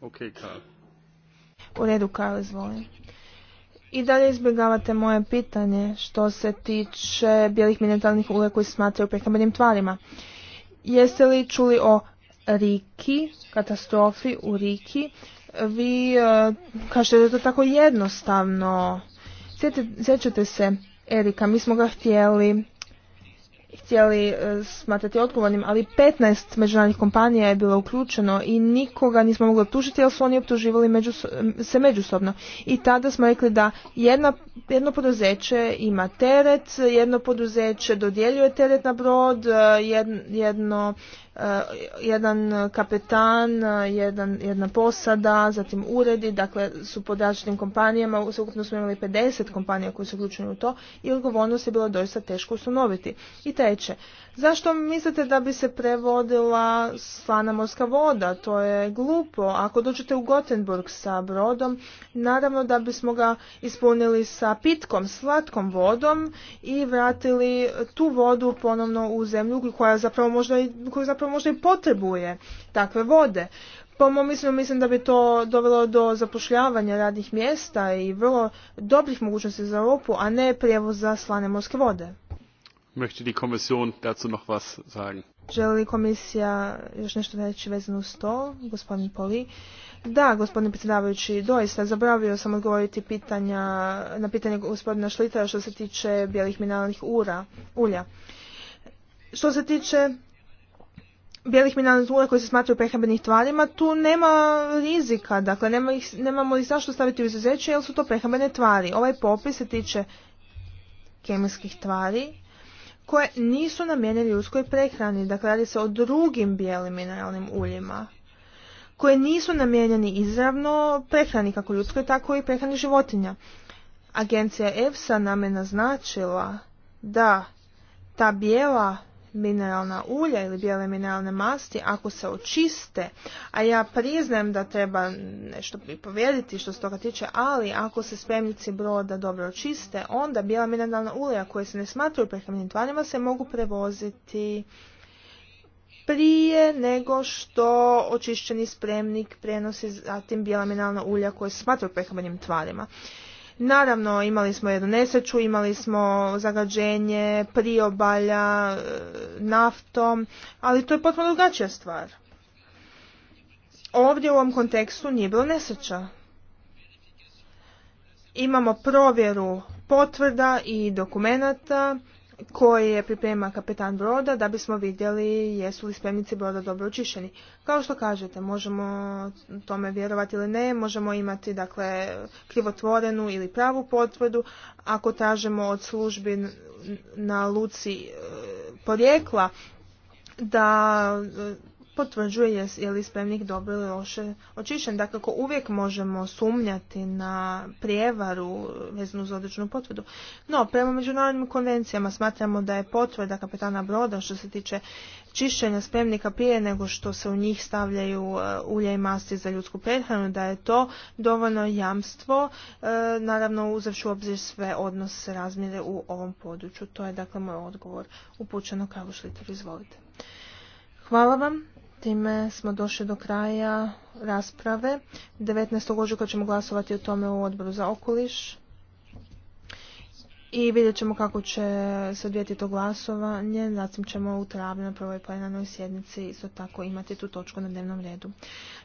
Okay, Carl. U redu, kao izvoli I dalje izbjegavate moje pitanje što se tiče bijelih mineralnih ulja koji se smatraju prehrambenim tvarima. Jeste li čuli o Riki, katastrofi u Riki? Vi e, kažete da je to tako jednostavno. Sjećate se, Erika, mi smo ga htjeli htjeli e, smatrati odgovornim, ali 15 međunarodnih kompanija je bilo uključeno i nikoga nismo mogli optužiti jer su oni optuživali se međusobno. I tada smo rekli da jedna, jedno poduzeće ima teret, jedno poduzeće dodjeljuje teret na brod, e, jedno Eh, jedan kapetan, eh, jedan, jedna posada, zatim uredi, dakle su pod različitim kompanijama, ukupno smo imali 50 kompanija koje su uključene u to i odgovornost je bilo doista teško ustanoviti. I treće, Zašto mislite da bi se prevodila slana morska voda? To je glupo. Ako dođete u Gotenburg sa brodom, naravno da bismo ga ispunili sa pitkom, slatkom vodom i vratili tu vodu ponovno u zemlju koja zapravo možda i, zapravo možda i potrebuje takve vode. Po mom mislim da bi to dovelo do zapošljavanja radnih mjesta i vrlo dobrih mogućnosti za Europu, a ne prijevoza slane morske vode. Möchte die Kommission dazu noch was sagen? Želi li komisija još nešto reći vezano uz to, gospodin Poli? Da, gospodine predsjedavajući, doista zaboravio sam odgovoriti pitanja, na pitanje gospodina Šlitera što se tiče bijelih mineralnih ura, ulja. Što se tiče bijelih mineralnih ura koji se smatraju prehrambenih tvarima, tu nema rizika, dakle nema ih, nemamo ih zašto staviti u izuzeće jer su to prehrambene tvari. Ovaj popis se tiče kemijskih tvari koje nisu namijenjene ljudskoj prehrani, dakle radi se o drugim bijelim mineralnim uljima koje nisu namijenjeni izravno prehrani kako ljudskoj tako i prehrani životinja. Agencija EFSA nam je naznačila da ta bijela mineralna ulja ili bijele mineralne masti ako se očiste, a ja priznajem da treba nešto povjeriti što se toga tiče, ali ako se spremnici broda dobro očiste, onda bijela mineralna ulja koje se ne smatraju prehrambenim tvarima se mogu prevoziti prije nego što očišćeni spremnik prenosi zatim bijela mineralna ulja koje se smatruju prehrambenim tvarima. Naravno, imali smo jednu nesreću, imali smo zagađenje priobalja e, naftom, ali to je potpuno drugačija stvar. Ovdje u ovom kontekstu nije bilo nesreća. Imamo provjeru potvrda i dokumenata koji je priprema kapetan broda da bismo vidjeli jesu li spremnici broda dobro očišćeni. Kao što kažete, možemo tome vjerovati ili ne, možemo imati dakle krivotvorenu ili pravu potvrdu. Ako tražemo od službi na luci e, porijekla da potvrđuje je li spremnik dobro ili loše očišćen. Dakle, ako uvijek možemo sumnjati na prijevaru veznu za određenu potvrdu. No, prema međunarodnim konvencijama smatramo da je potvrda kapetana broda što se tiče čišćenja spremnika prije nego što se u njih stavljaju uh, ulje i masti za ljudsku prehranu, da je to dovoljno jamstvo, uh, naravno uzevši u obzir sve odnose razmjere u ovom području. To je dakle moj odgovor upućeno kao Izvolite. Hvala vam. Time smo došli do kraja rasprave. 19. ožujka ćemo glasovati o tome u odboru za okoliš. I vidjet ćemo kako će se odvijeti to glasovanje. Zatim ćemo u travnju na prvoj plenarnoj sjednici isto tako imati tu točku na dnevnom redu.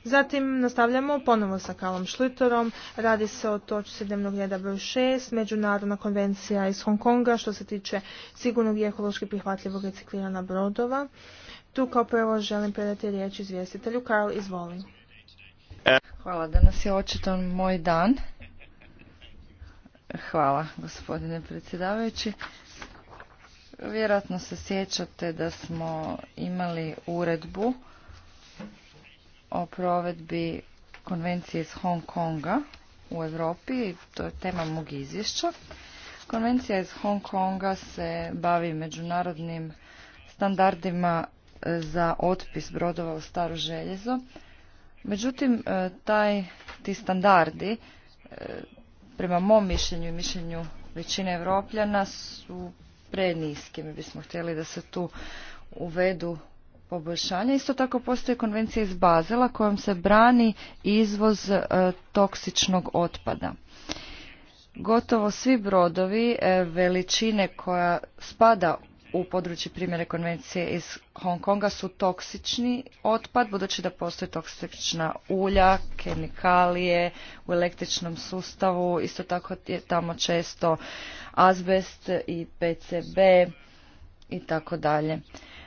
Zatim nastavljamo ponovo sa Kalom Šlitorom. Radi se o točci dnevnog reda broj 6, Međunarodna konvencija iz Hong Konga što se tiče sigurnog i ekološki prihvatljivog reciklirana brodova. Tu kao prvo želim predati riječ izvjestitelju. Karl, izvoli. E. Hvala, danas je očito moj dan. Hvala, gospodine predsjedavajući. Vjerojatno se sjećate da smo imali uredbu o provedbi konvencije iz Hong Konga u Europi, to je tema mog izvješća. Konvencija iz Hong Konga se bavi međunarodnim standardima za otpis brodova u staro željezo. Međutim, e, taj, ti standardi, e, prema mom mišljenju i mišljenju većine Evropljana, su preniski. Mi bismo htjeli da se tu uvedu poboljšanja. Isto tako postoji konvencija iz Bazela kojom se brani izvoz e, toksičnog otpada. Gotovo svi brodovi veličine koja spada u području primjene konvencije iz Hong Konga su toksični otpad, budući da postoje toksična ulja, kemikalije u električnom sustavu, isto tako je tamo često azbest i PCB i tako dalje.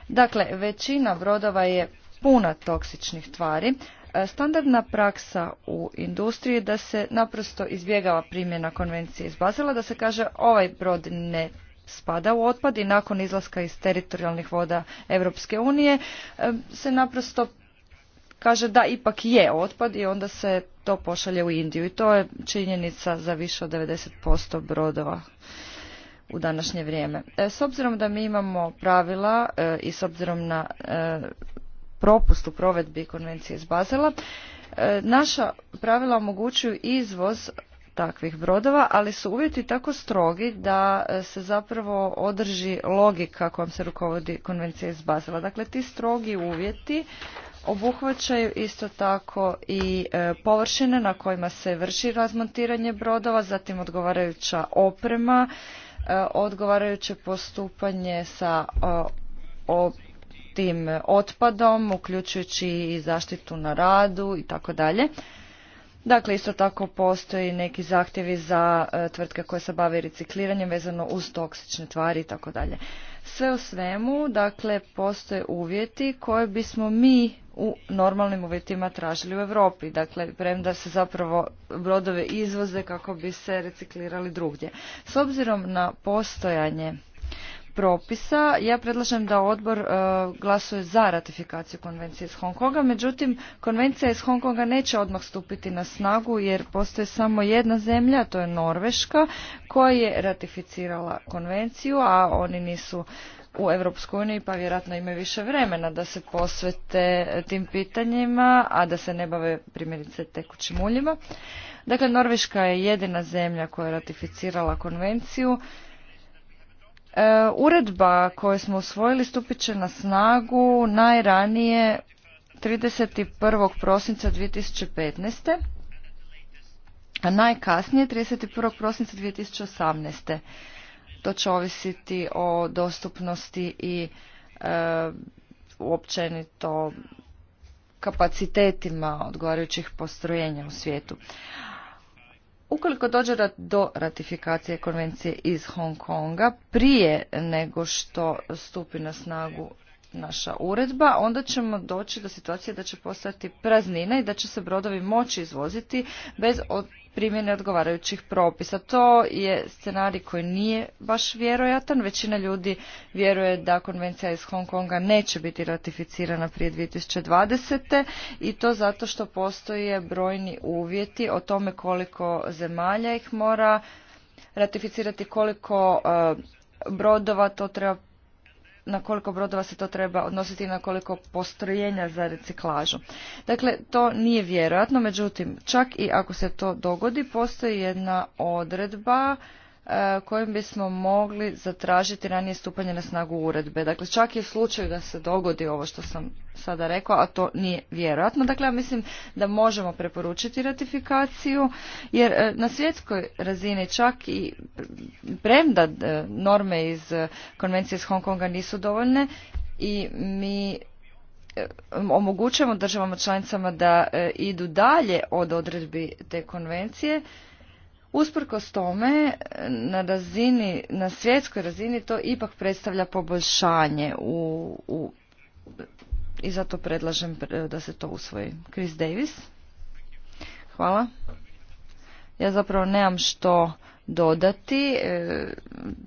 Dakle, većina brodova je puna toksičnih tvari. E, standardna praksa u industriji je da se naprosto izbjegava primjena konvencije iz Bazela, da se kaže ovaj brod ne spada u otpad i nakon izlaska iz teritorijalnih voda Europske unije e, se naprosto kaže da ipak je otpad i onda se to pošalje u Indiju i to je činjenica za više od 90% brodova u današnje vrijeme. E, s obzirom da mi imamo pravila e, i s obzirom na propust u provedbi konvencije iz Bazela, naša pravila omogućuju izvoz takvih brodova, ali su uvjeti tako strogi da e, se zapravo održi logika kojom se rukovodi konvencija iz Dakle, ti strogi uvjeti obuhvaćaju isto tako i e, površine na kojima se vrši razmontiranje brodova, zatim odgovarajuća oprema, e, odgovarajuće postupanje sa tim otpadom, uključujući i zaštitu na radu i tako dalje. Dakle, isto tako postoji neki zahtjevi za e, tvrtke koje se bave recikliranjem vezano uz toksične tvari i tako dalje. Sve u svemu, dakle, postoje uvjeti koje bismo mi u normalnim uvjetima tražili u Europi. Dakle, premda se zapravo brodove izvoze kako bi se reciklirali drugdje. S obzirom na postojanje propisa. Ja predlažem da odbor e, glasuje za ratifikaciju konvencije iz Hong Konga, međutim konvencija iz Hong Konga neće odmah stupiti na snagu jer postoje samo jedna zemlja, to je Norveška, koja je ratificirala konvenciju, a oni nisu u Europskoj uniji pa vjerojatno imaju više vremena da se posvete tim pitanjima, a da se ne bave primjerice tekućim uljima. Dakle, Norveška je jedina zemlja koja je ratificirala konvenciju E, uredba koju smo usvojili stupit će na snagu najranije 31. prosinca 2015. a najkasnije 31. prosinca 2018. To će ovisiti o dostupnosti i e, uopćenito kapacitetima odgovarajućih postrojenja u svijetu. Ukoliko dođe do ratifikacije konvencije iz Hong Konga prije nego što stupi na snagu naša uredba, onda ćemo doći do situacije da će postati praznina i da će se brodovi moći izvoziti bez primjene odgovarajućih propisa. To je scenarij koji nije baš vjerojatan. Većina ljudi vjeruje da konvencija iz Hong Konga neće biti ratificirana prije 2020. i to zato što postoje brojni uvjeti o tome koliko zemalja ih mora ratificirati, koliko e, brodova to treba na koliko brodova se to treba odnositi i na koliko postrojenja za reciklažu. Dakle, to nije vjerojatno, međutim, čak i ako se to dogodi, postoji jedna odredba E, kojim bismo mogli zatražiti ranije stupanje na snagu uredbe. Dakle, čak i u slučaju da se dogodi ovo što sam sada rekao, a to nije vjerojatno. Dakle, ja mislim da možemo preporučiti ratifikaciju, jer e, na svjetskoj razini čak i premda e, norme iz konvencije iz Hong Konga nisu dovoljne i mi omogućujemo državama članicama da idu dalje od odredbi te konvencije, Usprkos tome, na, razini, na svjetskoj razini to ipak predstavlja poboljšanje u, u, i zato predlažem e, da se to usvoji. Chris Davis. Hvala. Ja zapravo nemam što dodati. E,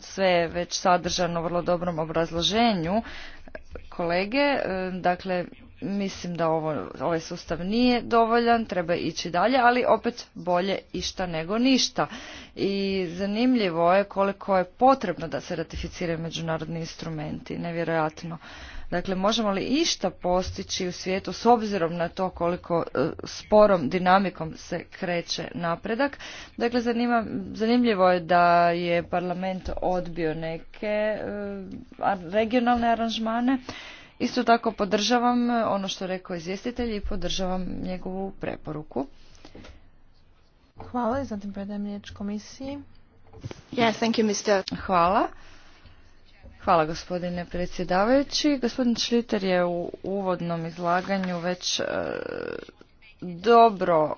sve je već sadržano u vrlo dobrom obrazloženju kolege. E, dakle, mislim da ovo, ovaj sustav nije dovoljan, treba ići dalje, ali opet bolje išta nego ništa. I zanimljivo je koliko je potrebno da se ratificiraju međunarodni instrumenti, nevjerojatno. Dakle, možemo li išta postići u svijetu s obzirom na to koliko e, sporom dinamikom se kreće napredak? Dakle, zanimljivo je da je parlament odbio neke e, regionalne aranžmane. Isto tako podržavam e, ono što rekao izvjestitelj i podržavam njegovu preporuku. Hvala i predajem riječ komisiji. Yes, thank you, Mr. Hvala. Hvala gospodine predsjedavajući. Gospodin Šliter je u uvodnom izlaganju već e, dobro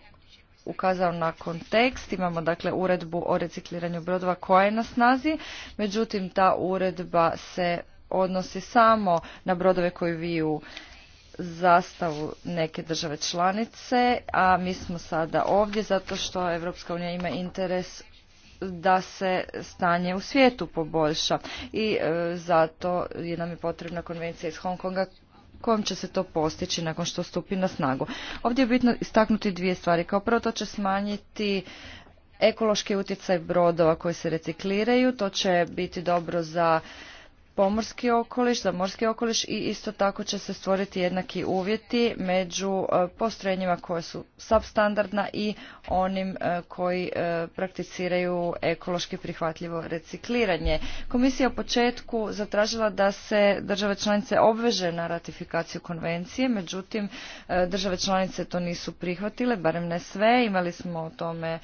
ukazao na kontekst. Imamo dakle uredbu o recikliranju brodova koja je na snazi, međutim ta uredba se odnosi samo na brodove koji viju zastavu neke države članice, a mi smo sada ovdje zato što Evropska unija ima interes da se stanje u svijetu poboljša i e, zato je nam je potrebna konvencija iz Hongkonga Konga kojom će se to postići nakon što stupi na snagu. Ovdje je bitno istaknuti dvije stvari. Kao prvo to će smanjiti ekološki utjecaj brodova koji se recikliraju, to će biti dobro za pomorski okoliš, za morski okoliš i isto tako će se stvoriti jednaki uvjeti među e, postrojenjima koje su substandardna i onim e, koji e, prakticiraju ekološki prihvatljivo recikliranje. Komisija u početku zatražila da se države članice obveže na ratifikaciju konvencije, međutim države članice to nisu prihvatile, barem ne sve, imali smo o tome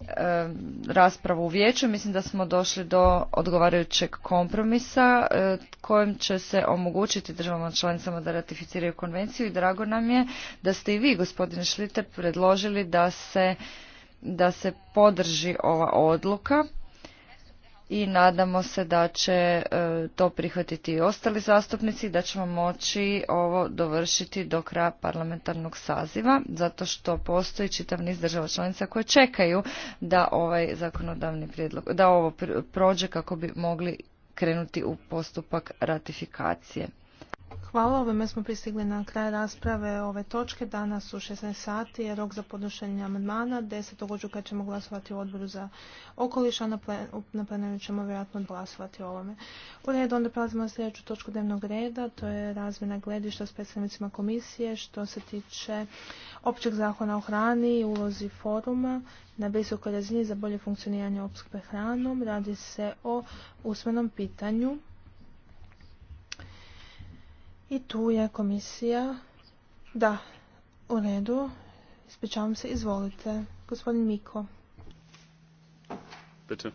E, raspravu u vijeću. Mislim da smo došli do odgovarajućeg kompromisa e, kojim će se omogućiti državama članicama da ratificiraju konvenciju i drago nam je da ste i vi, gospodine Šliter, predložili da se, da se podrži ova odluka i nadamo se da će e, to prihvatiti i ostali zastupnici da ćemo moći ovo dovršiti do kraja parlamentarnog saziva zato što postoji čitav niz država članica koje čekaju da ovaj zakonodavni prijedlog da ovo prođe kako bi mogli krenuti u postupak ratifikacije Hvala, ovime smo pristigli na kraj rasprave ove točke. Danas u 16 sati je rok za podnošenje amandmana. 10. kada ćemo glasovati u odboru za okoliš, a na, plenu ćemo vjerojatno glasovati o ovome. U redu onda prelazimo na sljedeću točku dnevnog reda, to je razmjena gledišta s predstavnicima komisije što se tiče općeg zakona o hrani i ulozi foruma na visokoj razini za bolje funkcioniranje opskrbe hranom. Radi se o usmenom pitanju. I tu je komisija. Da, u redu. Ispričavam se, izvolite. Gospodin Miko. Bitte.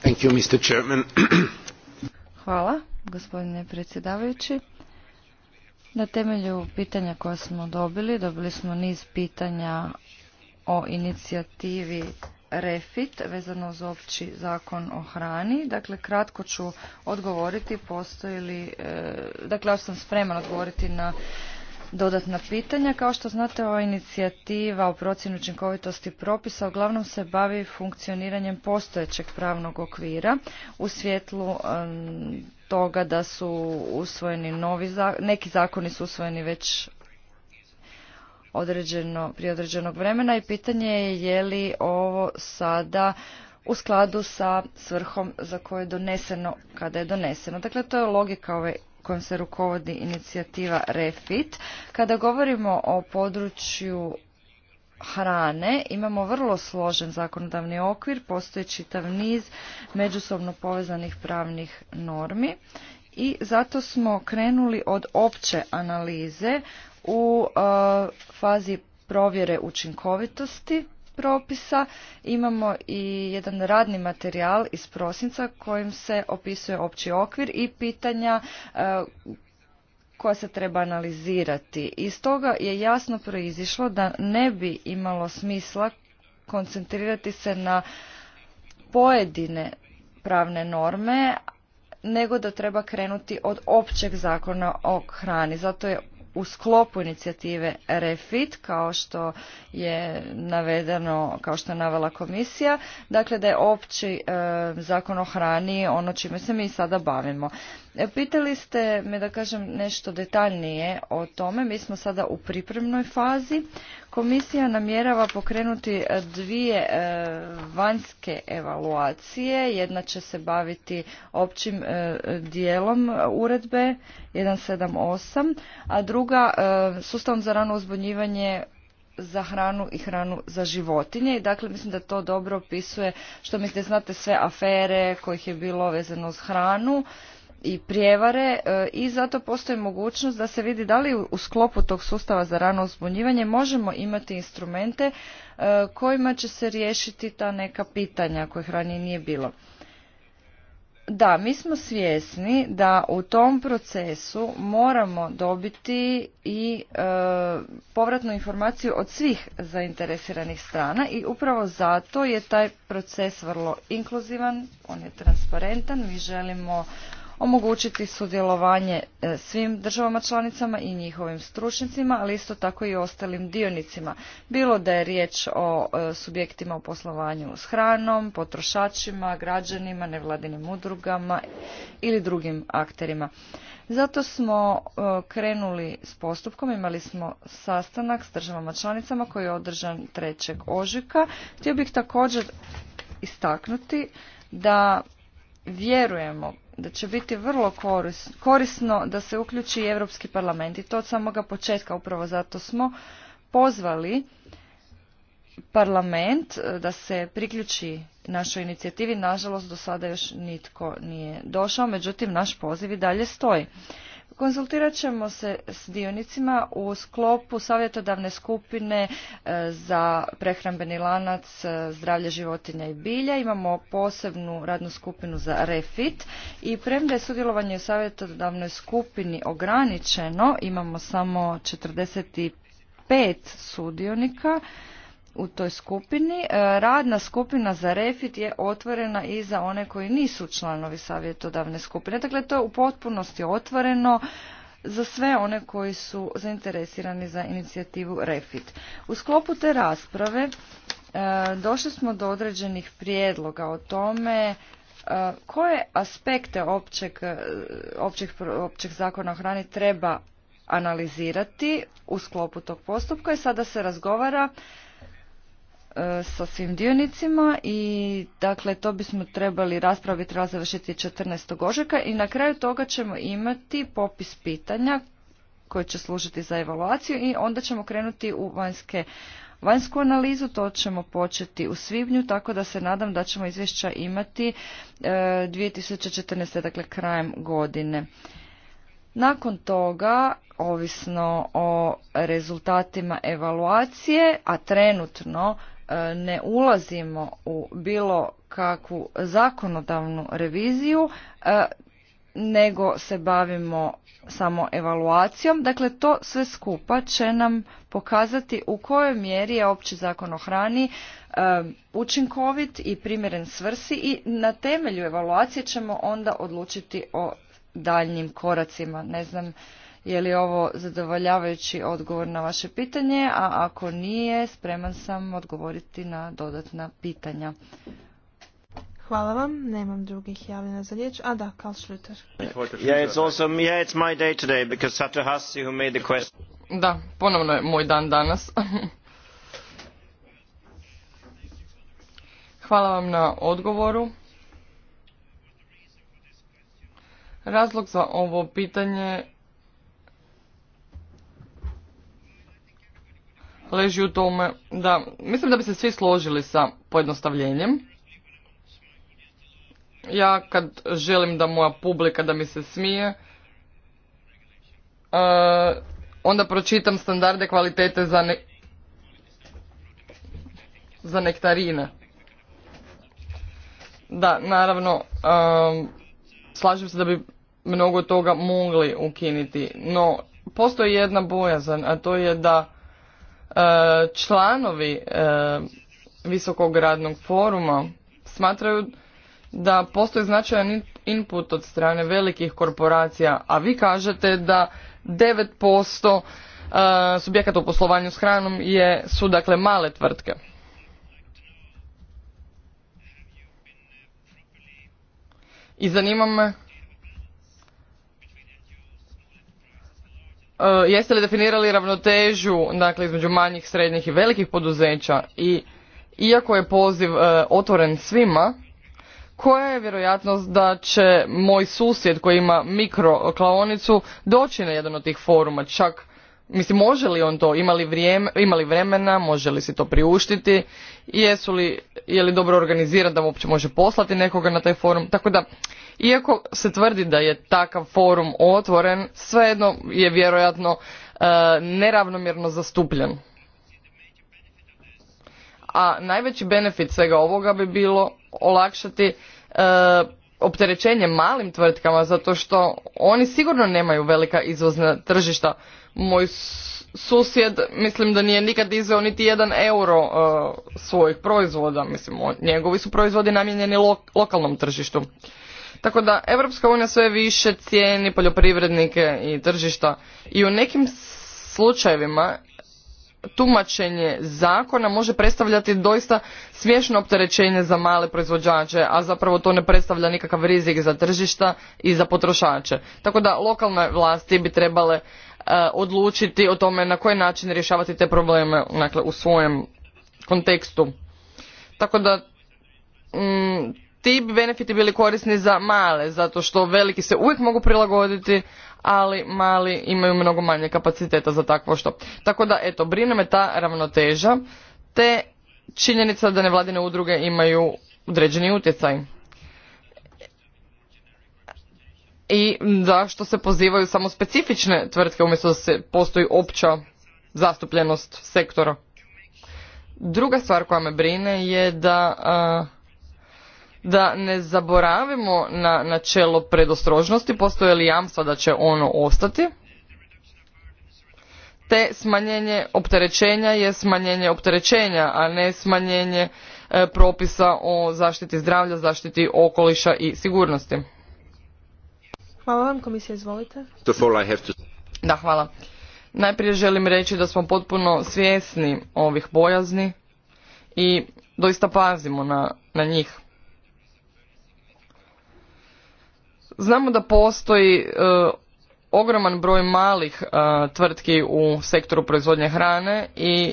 Thank you, Mr. Chairman. Hvala, gospodine predsjedavajući. Na temelju pitanja koja smo dobili, dobili smo niz pitanja o inicijativi REFIT vezano uz opći zakon o hrani. Dakle, kratko ću odgovoriti postoji li, e, dakle, ja sam spreman odgovoriti na dodatna pitanja. Kao što znate, ova inicijativa o procjenu učinkovitosti propisa uglavnom se bavi funkcioniranjem postojećeg pravnog okvira u svjetlu toga da su usvojeni novi zakoni, neki zakoni su usvojeni već određeno, prije određenog vremena i pitanje je je li ovo sada u skladu sa svrhom za koje je doneseno kada je doneseno. Dakle, to je logika ove kojom se rukovodi inicijativa REFIT. Kada govorimo o području hrane imamo vrlo složen zakonodavni okvir, postoji čitav niz međusobno povezanih pravnih normi i zato smo krenuli od opće analize u e, fazi provjere učinkovitosti propisa. Imamo i jedan radni materijal iz prosinca kojim se opisuje opći okvir i pitanja e, koja se treba analizirati. Iz toga je jasno proizišlo da ne bi imalo smisla koncentrirati se na pojedine pravne norme, nego da treba krenuti od općeg zakona o hrani. Zato je u sklopu inicijative REFIT kao što je navedeno, kao što je navela komisija, dakle da je opći e, zakon o hrani ono čime se mi sada bavimo. E, pitali ste me da kažem nešto detaljnije o tome, mi smo sada u pripremnoj fazi, Komisija namjerava pokrenuti e, dvije e, vanjske evaluacije. Jedna će se baviti općim e, dijelom uredbe 178, a druga sustavom za rano uzbunjivanje za hranu i hranu za životinje. I dakle, mislim da to dobro opisuje što mislite, znate sve afere kojih je bilo vezano uz hranu i prijevare e, i zato postoji mogućnost da se vidi da li u sklopu tog sustava za rano uzbunjivanje možemo imati instrumente e, kojima će se riješiti ta neka pitanja koje ranije nije bilo. Da, mi smo svjesni da u tom procesu moramo dobiti i e, povratnu informaciju od svih zainteresiranih strana i upravo zato je taj proces vrlo inkluzivan, on je transparentan, mi želimo omogućiti sudjelovanje e, svim državama članicama i njihovim stručnicima, ali isto tako i ostalim dionicima. Bilo da je riječ o e, subjektima u poslovanju s hranom, potrošačima, građanima, nevladinim udrugama ili drugim akterima. Zato smo e, krenuli s postupkom, imali smo sastanak s državama članicama koji je održan 3. ožujka. Htio bih također istaknuti da vjerujemo da će biti vrlo korisno da se uključi Europski parlament i to od samoga početka upravo zato smo pozvali parlament e, da se priključi našoj inicijativi. Nažalost, do sada još nitko nije došao, međutim, naš poziv i dalje stoji. Konzultirat ćemo se s dionicima u sklopu savjetodavne skupine e, za prehrambeni lanac e, zdravlje životinja i bilja. Imamo posebnu radnu skupinu za refit i premda je sudjelovanje u savjetodavnoj skupini ograničeno, imamo samo 45 sudionika u toj skupini. E, radna skupina za refit je otvorena i za one koji nisu članovi savjetodavne skupine. Dakle, to je u potpunosti otvoreno za sve one koji su zainteresirani za inicijativu refit. U sklopu te rasprave e, došli smo do određenih prijedloga o tome e, koje aspekte općeg, općeg, općeg zakona o hrani treba analizirati u sklopu tog postupka i sada se razgovara E, sa svim dionicima i dakle to bismo trebali raspraviti treba završiti 14. ožujka i na kraju toga ćemo imati popis pitanja koji će služiti za evaluaciju i onda ćemo krenuti u vanjske Vanjsku analizu to ćemo početi u svibnju, tako da se nadam da ćemo izvješća imati 2014. E, dakle krajem godine. Nakon toga, ovisno o rezultatima evaluacije, a trenutno E, ne ulazimo u bilo kakvu zakonodavnu reviziju, e, nego se bavimo samo evaluacijom. Dakle, to sve skupa će nam pokazati u kojoj mjeri je opći zakon o hrani e, učinkovit i primjeren svrsi i na temelju evaluacije ćemo onda odlučiti o daljnjim koracima. Ne znam je li ovo zadovoljavajući odgovor na vaše pitanje, a ako nije, spreman sam odgovoriti na dodatna pitanja. Hvala vam, nemam drugih javljena za riječ. A da, Karl Schluter. it's also, Da, ponovno je moj dan danas. Hvala vam na odgovoru. Razlog za ovo pitanje leži u tome da mislim da bi se svi složili sa pojednostavljenjem. Ja kad želim da moja publika da mi se smije, e, onda pročitam standarde kvalitete za, ne, za nektarine. Da, naravno, e, slažem se da bi mnogo toga mogli ukiniti, no postoji jedna bojazan, a to je da E, članovi e, visokog radnog foruma smatraju da postoji značajan input od strane velikih korporacija, a vi kažete da 9% e, subjekata u poslovanju s hranom je, su dakle male tvrtke. I zanima me E, jeste li definirali ravnotežu dakle, između manjih, srednjih i velikih poduzeća i iako je poziv e, otvoren svima, koja je vjerojatnost da će moj susjed koji ima mikroklaonicu doći na jedan od tih foruma? Čak, mislim, može li on to? Ima li, vrijeme, ima li vremena? Može li si to priuštiti? Jesu li, je li dobro organiziran da uopće može poslati nekoga na taj forum? Tako da, iako se tvrdi da je takav forum otvoren, svejedno je vjerojatno e, neravnomjerno zastupljen. A najveći benefit svega ovoga bi bilo olakšati e, opterećenje malim tvrtkama zato što oni sigurno nemaju velika izvozna tržišta. Moj susjed mislim da nije nikad izveo niti jedan euro e, svojih proizvoda, mislim njegovi su proizvodi namijenjeni lokalnom tržištu. Tako da Europska unija sve više cijeni poljoprivrednike i tržišta i u nekim slučajevima tumačenje zakona može predstavljati doista smiješno opterećenje za male proizvođače, a zapravo to ne predstavlja nikakav rizik za tržišta i za potrošače. Tako da lokalne vlasti bi trebale e, odlučiti o tome na koji način rješavati te probleme dakle, u svojem kontekstu. Tako da mm, ti bi benefiti bili korisni za male, zato što veliki se uvijek mogu prilagoditi, ali mali imaju mnogo manje kapaciteta za takvo što. Tako da, eto, brine me ta ravnoteža, te činjenica da nevladine udruge imaju određeni utjecaj. I zašto se pozivaju samo specifične tvrtke umjesto da se postoji opća zastupljenost sektora. Druga stvar koja me brine je da da ne zaboravimo na načelo predostrožnosti, postoje li jamstva da će ono ostati, te smanjenje opterećenja je smanjenje opterećenja, a ne smanjenje e, propisa o zaštiti zdravlja, zaštiti okoliša i sigurnosti. Hvala vam, komisija, izvolite. Da, hvala. Najprije želim reći da smo potpuno svjesni ovih bojazni i doista pazimo na, na njih. Znamo da postoji e, ogroman broj malih e, tvrtki u sektoru proizvodnje hrane i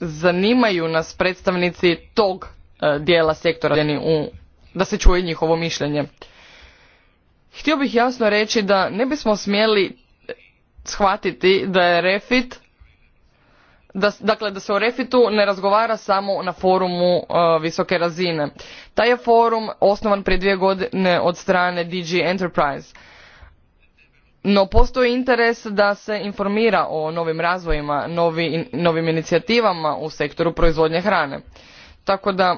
zanimaju nas predstavnici tog e, dijela sektora da se čuje njihovo mišljenje. Htio bih jasno reći da ne bismo smjeli shvatiti da je refit da, dakle da se o refitu ne razgovara samo na forumu uh, visoke razine. Taj je forum osnovan prije dvije godine od strane DG Enterprise. No postoji interes da se informira o novim razvojima, novim inicijativama u sektoru proizvodnje hrane. Tako da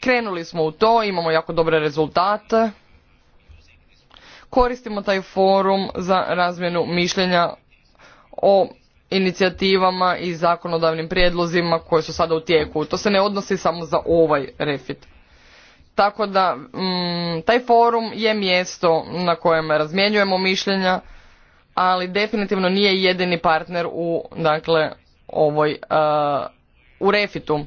krenuli smo u to, imamo jako dobre rezultate. Koristimo taj forum za razmjenu mišljenja o inicijativama i zakonodavnim prijedlozima koje su sada u tijeku. To se ne odnosi samo za ovaj refit. Tako da mm, taj forum je mjesto na kojem razmjenjujemo mišljenja, ali definitivno nije jedini partner u dakle ovoj uh, u refitu.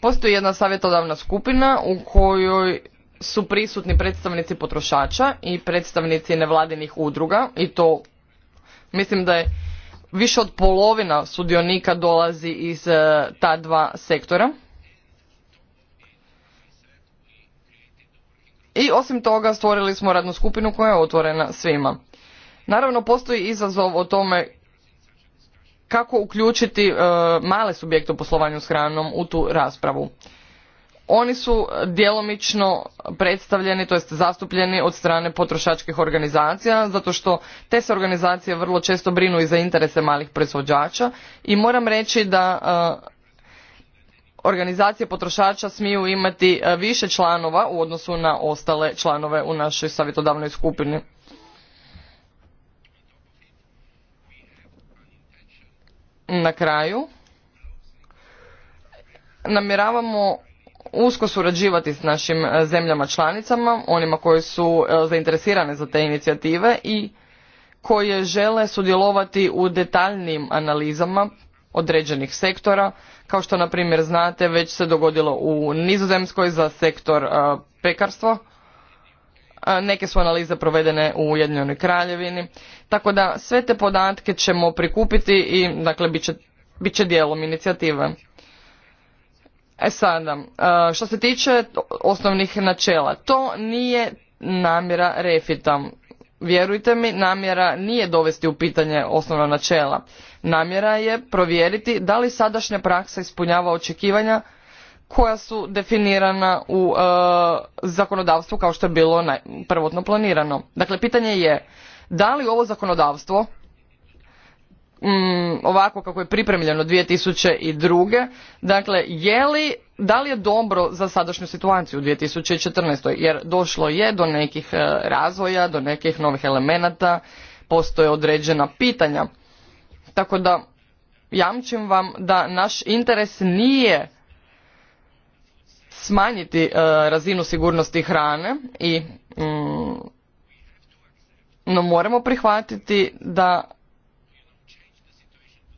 Postoji jedna savjetodavna skupina u kojoj su prisutni predstavnici potrošača i predstavnici nevladinih udruga i to mislim da je više od polovina sudionika dolazi iz e, ta dva sektora. I osim toga stvorili smo radnu skupinu koja je otvorena svima. Naravno postoji izazov o tome kako uključiti e, male subjekte u poslovanju s hranom u tu raspravu oni su djelomično predstavljeni, to jest zastupljeni od strane potrošačkih organizacija, zato što te se organizacije vrlo često brinu i za interese malih proizvođača i moram reći da e, organizacije potrošača smiju imati e, više članova u odnosu na ostale članove u našoj savjetodavnoj skupini. Na kraju namjeravamo usko surađivati s našim e, zemljama članicama, onima koje su e, zainteresirane za te inicijative i koje žele sudjelovati u detaljnim analizama određenih sektora, kao što na primjer znate već se dogodilo u Nizozemskoj za sektor e, pekarstva. Neke su analize provedene u Ujedinjenoj Kraljevini, tako da sve te podatke ćemo prikupiti i dakle bit će, bit će dijelom inicijative. E sada, e, što se tiče osnovnih načela, to nije namjera refita. Vjerujte mi, namjera nije dovesti u pitanje osnovna načela. Namjera je provjeriti da li sadašnja praksa ispunjava očekivanja koja su definirana u e, zakonodavstvu kao što je bilo prvotno planirano. Dakle, pitanje je da li ovo zakonodavstvo Mm, ovako kako je pripremljeno 2002. Dakle, je li, da li je dobro za sadašnju situaciju u 2014. Jer došlo je do nekih e, razvoja, do nekih novih elemenata, postoje određena pitanja. Tako da jamčim vam da naš interes nije smanjiti e, razinu sigurnosti hrane i mm, no moramo prihvatiti da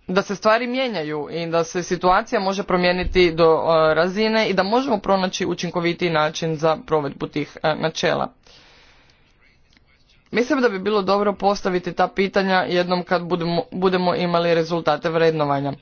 da se stvari mijenjaju i da se situacija može promijeniti do e, razine i da možemo pronaći učinkovitiji način za provedbu tih e, načela. Mislim da bi bilo dobro postaviti ta pitanja jednom kad budemo, budemo imali rezultate vrednovanja.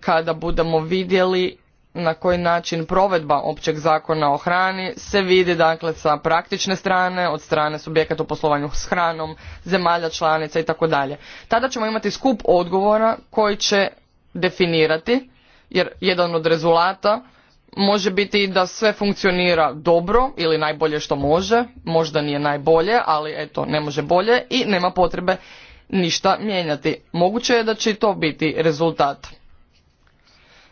Kada budemo vidjeli na koji način provedba općeg zakona o hrani se vidi dakle sa praktične strane, od strane subjekata u poslovanju s hranom, zemalja članica i tako dalje. Tada ćemo imati skup odgovora koji će definirati, jer jedan od rezultata može biti da sve funkcionira dobro ili najbolje što može, možda nije najbolje, ali eto ne može bolje i nema potrebe ništa mijenjati. Moguće je da će i to biti rezultat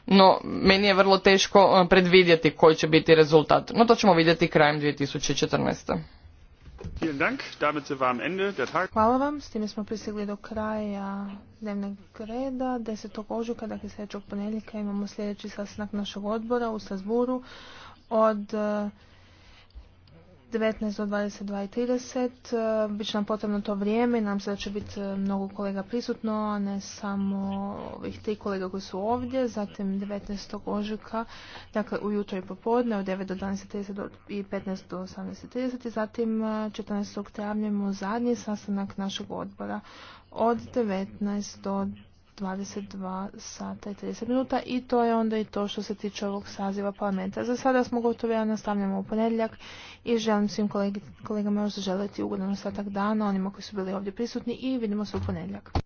no meni je vrlo teško e, predvidjeti koji će biti rezultat. No to ćemo vidjeti krajem 2014. Hvala vam, s time smo pristigli do kraja dnevnog reda. deset ožujka, dakle sljedećeg ponedjeljka imamo sljedeći sastanak našeg odbora u strasbourgu od e, 19 do 22 i e, Biće nam potrebno to vrijeme i nam se da će biti e, mnogo kolega prisutno, a ne samo ovih tri kolega koji su ovdje. Zatim 19. ožujka, dakle ujutro i popodne od 9 do 12.30 i 15 do 18.30. I Zatim 14. E, travnja imamo zadnji sastanak našeg odbora od 19 do 22 sata i 30 minuta i to je onda i to što se tiče ovog saziva parlamenta. Za sada smo gotovi, ja nastavljamo u ponedjeljak i želim svim kolegama još zaželiti ugodan ostatak dana, onima koji su bili ovdje prisutni i vidimo se u ponedjeljak.